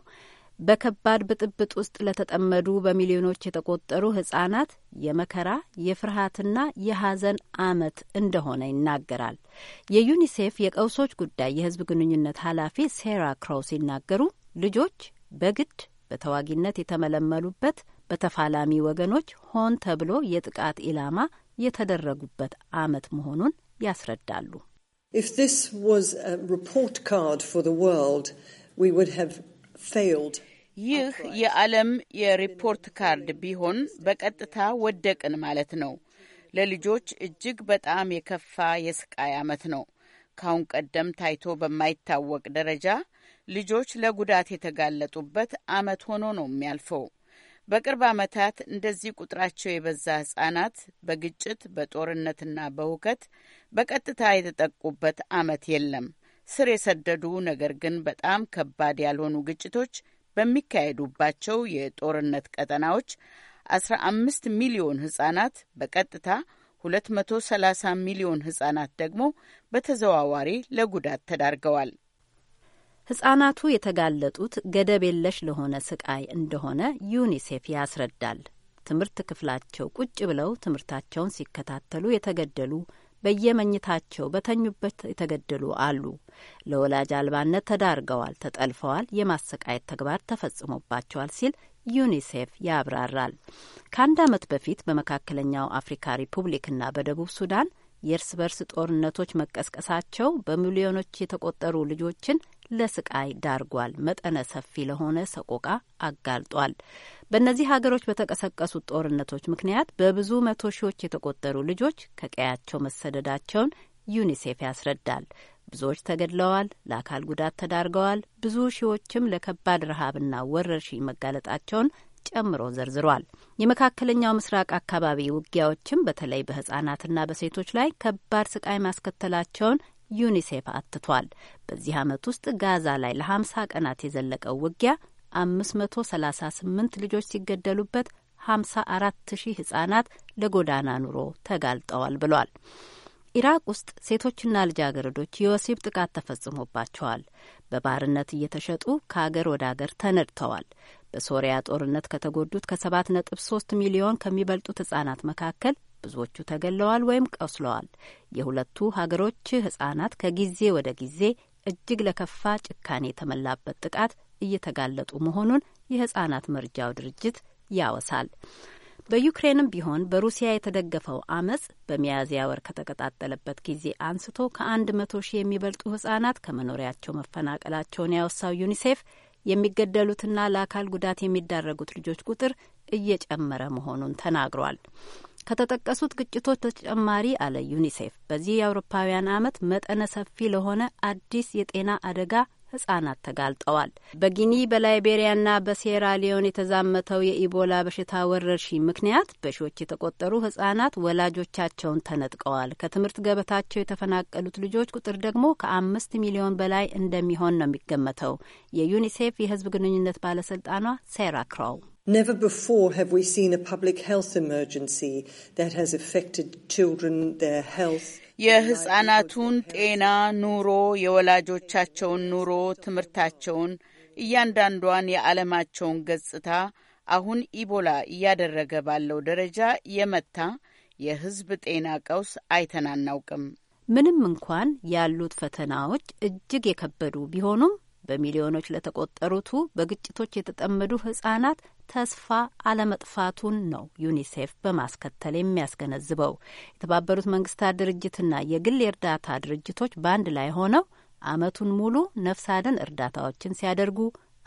በከባድ ብጥብጥ ውስጥ ለተጠመዱ በሚሊዮኖች የተቆጠሩ ህጻናት የመከራ የፍርሃትና የሀዘን አመት እንደሆነ ይናገራል። የዩኒሴፍ የቀውሶች ጉዳይ የህዝብ ግንኙነት ኃላፊ ሴራ ክራው ሲናገሩ ልጆች በግድ በተዋጊነት የተመለመሉበት በተፋላሚ ወገኖች ሆን ተብሎ የጥቃት ኢላማ የተደረጉበት ዓመት መሆኑን ያስረዳሉ። ይህ የዓለም የሪፖርት ካርድ ቢሆን በቀጥታ ወደቅን ማለት ነው። ለልጆች እጅግ በጣም የከፋ የስቃይ ዓመት ነው። ካሁን ቀደም ታይቶ በማይታወቅ ደረጃ ልጆች ለጉዳት የተጋለጡበት ዓመት ሆኖ ነው የሚያልፈው። በቅርብ ዓመታት እንደዚህ ቁጥራቸው የበዛ ሕጻናት በግጭት በጦርነትና በሁከት በቀጥታ የተጠቁበት ዓመት የለም። ስር የሰደዱ ነገር ግን በጣም ከባድ ያልሆኑ ግጭቶች በሚካሄዱባቸው የጦርነት ቀጠናዎች 15 ሚሊዮን ሕጻናት በቀጥታ 230 ሚሊዮን ሕጻናት ደግሞ በተዘዋዋሪ ለጉዳት ተዳርገዋል። ሕፃናቱ የተጋለጡት ገደብ የለሽ ለሆነ ስቃይ እንደሆነ ዩኒሴፍ ያስረዳል። ትምህርት ክፍላቸው ቁጭ ብለው ትምህርታቸውን ሲከታተሉ የተገደሉ በየመኝታቸው በተኙበት የተገደሉ አሉ። ለወላጅ አልባነት ተዳርገዋል፣ ተጠልፈዋል፣ የማሰቃየት ተግባር ተፈጽሞባቸዋል ሲል ዩኒሴፍ ያብራራል። ከአንድ ዓመት በፊት በመካከለኛው አፍሪካ ሪፑብሊክና በደቡብ ሱዳን የእርስ በርስ ጦርነቶች መቀስቀሳቸው በሚሊዮኖች የተቆጠሩ ልጆችን ለስቃይ ዳርጓል፣ መጠነ ሰፊ ለሆነ ሰቆቃ አጋልጧል። በእነዚህ ሀገሮች በተቀሰቀሱት ጦርነቶች ምክንያት በብዙ መቶ ሺዎች የተቆጠሩ ልጆች ከቀያቸው መሰደዳቸውን ዩኒሴፍ ያስረዳል። ብዙዎች ተገድለዋል፣ ለአካል ጉዳት ተዳርገዋል፣ ብዙ ሺዎችም ለከባድ ረሃብና ወረርሽኝ መጋለጣቸውን ጨምሮ ዘርዝሯል። የመካከለኛው ምስራቅ አካባቢ ውጊያዎችም በተለይ በህጻናትና በሴቶች ላይ ከባድ ስቃይ ማስከተላቸውን ዩኒሴፍ አትቷል። በዚህ ዓመት ውስጥ ጋዛ ላይ ለ50 ቀናት የዘለቀው ውጊያ 538 ልጆች ሲገደሉበት 54 ሺህ ህጻናት ለጎዳና ኑሮ ተጋልጠዋል ብሏል። ኢራቅ ውስጥ ሴቶችና ልጃገረዶች የወሲብ ጥቃት ተፈጽሞባቸዋል። በባርነት እየተሸጡ ከአገር ወደ አገር ተነድተዋል። በሶሪያ ጦርነት ከተጎዱት ከ7.3 ሚሊዮን ከሚበልጡት ህጻናት መካከል ብዙዎቹ ተገለዋል ወይም ቆስለዋል። የሁለቱ ሀገሮች ህጻናት ከጊዜ ወደ ጊዜ እጅግ ለከፋ ጭካኔ የተመላበት ጥቃት እየተጋለጡ መሆኑን የህጻናት መርጃው ድርጅት ያወሳል። በዩክሬንም ቢሆን በሩሲያ የተደገፈው አመጽ በሚያዝያ ወር ከተቀጣጠለበት ጊዜ አንስቶ ከአንድ መቶ ሺህ የሚበልጡ ህጻናት ከመኖሪያቸው መፈናቀላቸውን ያወሳው ዩኒሴፍ የሚገደሉትና ለአካል ጉዳት የሚዳረጉት ልጆች ቁጥር እየጨመረ መሆኑን ተናግሯል። ከተጠቀሱት ግጭቶች ተጨማሪ አለ ዩኒሴፍ በዚህ የአውሮፓውያን አመት መጠነ ሰፊ ለሆነ አዲስ የጤና አደጋ ህጻናት ተጋልጠዋል። በጊኒ በላይቤሪያና በሴራ ሊዮን የተዛመተው የኢቦላ በሽታ ወረርሽኝ ምክንያት በሺዎች የተቆጠሩ ህጻናት ወላጆቻቸውን ተነጥቀዋል። ከትምህርት ገበታቸው የተፈናቀሉት ልጆች ቁጥር ደግሞ ከአምስት ሚሊዮን በላይ እንደሚሆን ነው የሚገመተው። የዩኒሴፍ የህዝብ ግንኙነት ባለስልጣኗ ሴራ ክራው Never before have we seen a public health emergency that has affected children, their health. የህፃናቱን ጤና፣ ኑሮ፣ የወላጆቻቸውን ኑሮ፣ ትምህርታቸውን፣ እያንዳንዷን የዓለማቸውን ገጽታ አሁን ኢቦላ እያደረገ ባለው ደረጃ የመታ የህዝብ ጤና ቀውስ አይተን አናውቅም። ምንም እንኳን ያሉት ፈተናዎች እጅግ የከበዱ ቢሆኑም በሚሊዮኖች ለተቆጠሩቱ በግጭቶች የተጠመዱ ህጻናት ተስፋ አለመጥፋቱን ነው ዩኒሴፍ በማስከተል የሚያስገነዝበው። የተባበሩት መንግስታት ድርጅትና የግል የእርዳታ ድርጅቶች በአንድ ላይ ሆነው አመቱን ሙሉ ነፍስ አድን እርዳታዎችን ሲያደርጉ፣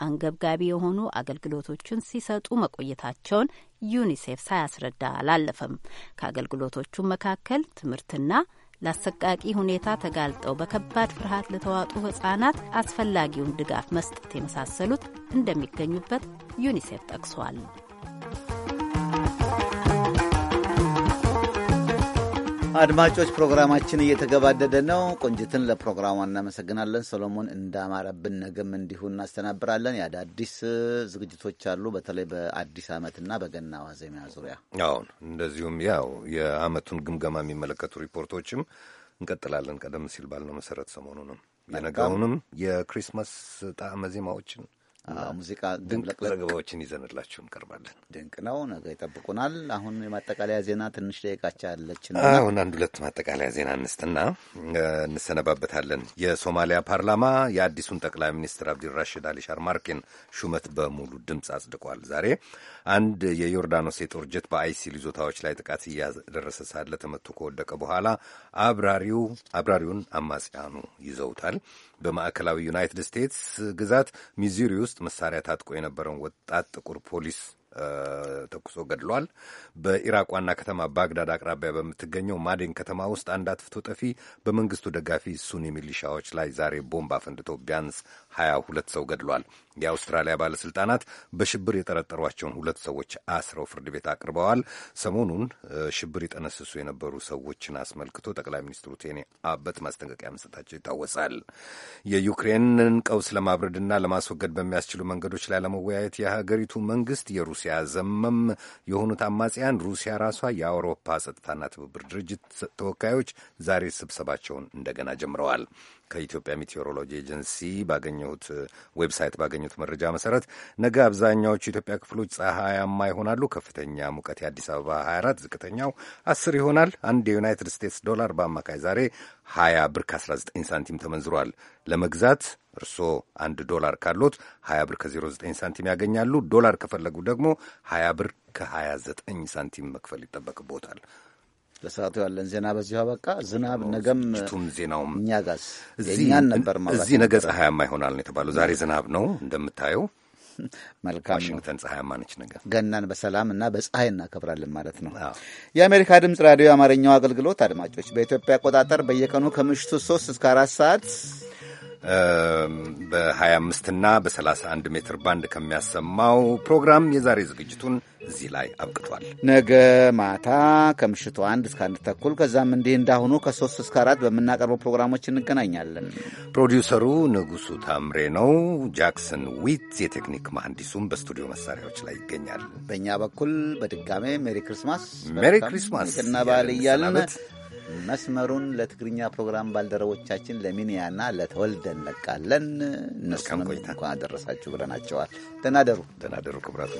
አንገብጋቢ የሆኑ አገልግሎቶችን ሲሰጡ መቆየታቸውን ዩኒሴፍ ሳያስረዳ አላለፈም። ከአገልግሎቶቹ መካከል ትምህርትና ለአሰቃቂ ሁኔታ ተጋልጠው በከባድ ፍርሃት ለተዋጡ ህጻናት አስፈላጊውን ድጋፍ መስጠት የመሳሰሉት እንደሚገኙበት ዩኒሴፍ ጠቅሷል። አድማጮች ፕሮግራማችን እየተገባደደ ነው። ቆንጅትን ለፕሮግራሟ እናመሰግናለን። ሰሎሞን እንዳማረብን ነገም እንዲሁ እናስተናብራለን። የአዳዲስ ዝግጅቶች አሉ፣ በተለይ በአዲስ ዓመትና በገና ዋዜማ ዙሪያ። አሁን እንደዚሁም ያው የዓመቱን ግምገማ የሚመለከቱ ሪፖርቶችም እንቀጥላለን። ቀደም ሲል ባልነው መሰረት ሰሞኑንም የነገውንም የክሪስማስ ጣዕመ ዜማዎችን ሙዚቃ ድንቅ ዘገባዎችን ይዘንላችሁ እንቀርባለን። ድንቅ ነው። ነገ ይጠብቁናል። አሁን የማጠቃለያ ዜና ትንሽ ደቂቃች ያለችን። አሁን አንድ ሁለት ማጠቃለያ ዜና እንስጥና እንሰነባበታለን። የሶማሊያ ፓርላማ የአዲሱን ጠቅላይ ሚኒስትር አብዲራሽድ አሊ ሻርማርኬን ሹመት በሙሉ ድምፅ አጽድቋል። ዛሬ አንድ የዮርዳኖስ የጦር ጀት በአይሲል ይዞታዎች ላይ ጥቃት እያደረሰ ሳለ ተመቶ ከወደቀ በኋላ አብራሪው አብራሪውን አማጽያኑ ይዘውታል። በማዕከላዊ ዩናይትድ ስቴትስ ግዛት ሚዙሪ ውስጥ መሳሪያ ታጥቆ የነበረውን ወጣት ጥቁር ፖሊስ ተኩሶ ገድሏል። በኢራቅ ዋና ከተማ ባግዳድ አቅራቢያ በምትገኘው ማዴን ከተማ ውስጥ አንድ አጥፍቶ ጠፊ በመንግስቱ ደጋፊ ሱኒ ሚሊሻዎች ላይ ዛሬ ቦምብ አፈንድቶ ቢያንስ ሀያ ሁለት ሰው ገድሏል። የአውስትራሊያ ባለስልጣናት በሽብር የጠረጠሯቸውን ሁለት ሰዎች አስረው ፍርድ ቤት አቅርበዋል። ሰሞኑን ሽብር ይጠነስሱ የነበሩ ሰዎችን አስመልክቶ ጠቅላይ ሚኒስትሩ ቴኔ አበት ማስጠንቀቂያ መስጠታቸው ይታወሳል። የዩክሬንን ቀውስ ለማብረድና ለማስወገድ በሚያስችሉ መንገዶች ላይ ለመወያየት የሀገሪቱ መንግስት የሩሲያ ዘመም የሆኑት አማጽያን ሩሲያ ራሷ የአውሮፓ ጸጥታና ትብብር ድርጅት ተወካዮች ዛሬ ስብሰባቸውን እንደገና ጀምረዋል። ከኢትዮጵያ ሜቴዎሮሎጂ ኤጀንሲ ባገኘሁት ዌብሳይት ባገኘሁት መረጃ መሰረት ነገ አብዛኛዎቹ የኢትዮጵያ ክፍሎች ፀሐያማ ይሆናሉ። ከፍተኛ ሙቀት የአዲስ አበባ 24፣ ዝቅተኛው 10 ይሆናል። አንድ የዩናይትድ ስቴትስ ዶላር በአማካይ ዛሬ 20 ብር ከ19 ሳንቲም ተመንዝሯል። ለመግዛት እርስዎ አንድ ዶላር ካሎት 20 ብር ከ09 ሳንቲም ያገኛሉ። ዶላር ከፈለጉ ደግሞ 20 ብር ከ29 ሳንቲም መክፈል ይጠበቅቦታል። ለሰዓቱ ያለን ዜና በዚሁ አበቃ። ዝናብ ነገም ቱን ዜናውም እኛ ጋዝ እኛን ነበር ማለት እዚህ ነገ ፀሐያማ ይሆናል ነው የተባለው። ዛሬ ዝናብ ነው እንደምታየው። መልካም ዋሽንግተን ፀሐያማ ነች። ነገ ገናን በሰላም እና በፀሐይ እናከብራለን ማለት ነው። የአሜሪካ ድምፅ ራዲዮ የአማርኛው አገልግሎት አድማጮች በኢትዮጵያ አቆጣጠር በየቀኑ ከምሽቱ ሶስት እስከ አራት ሰዓት በ25 እና በ31 ሜትር ባንድ ከሚያሰማው ፕሮግራም የዛሬ ዝግጅቱን እዚህ ላይ አብቅቷል። ነገ ማታ ከምሽቱ አንድ እስከ አንድ ተኩል ከዛም እንዲህ እንዳሁኑ ከሶስት እስከ አራት በምናቀርበው ፕሮግራሞች እንገናኛለን። ፕሮዲውሰሩ ንጉሱ ታምሬ ነው። ጃክሰን ዊት የቴክኒክ መሐንዲሱም በስቱዲዮ መሳሪያዎች ላይ ይገኛል። በእኛ በኩል በድጋሜ ሜሪ ክርስማስ ሜሪ ክርስማስ እና ባል እያለን መስመሩን ለትግርኛ ፕሮግራም ባልደረቦቻችን ለሚኒያና ለተወልደ እንለቃለን። እነሱም እንኳን አደረሳችሁ ብለናቸዋል። ደናደሩ ደናደሩ ክብረት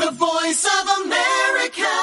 The Voice of America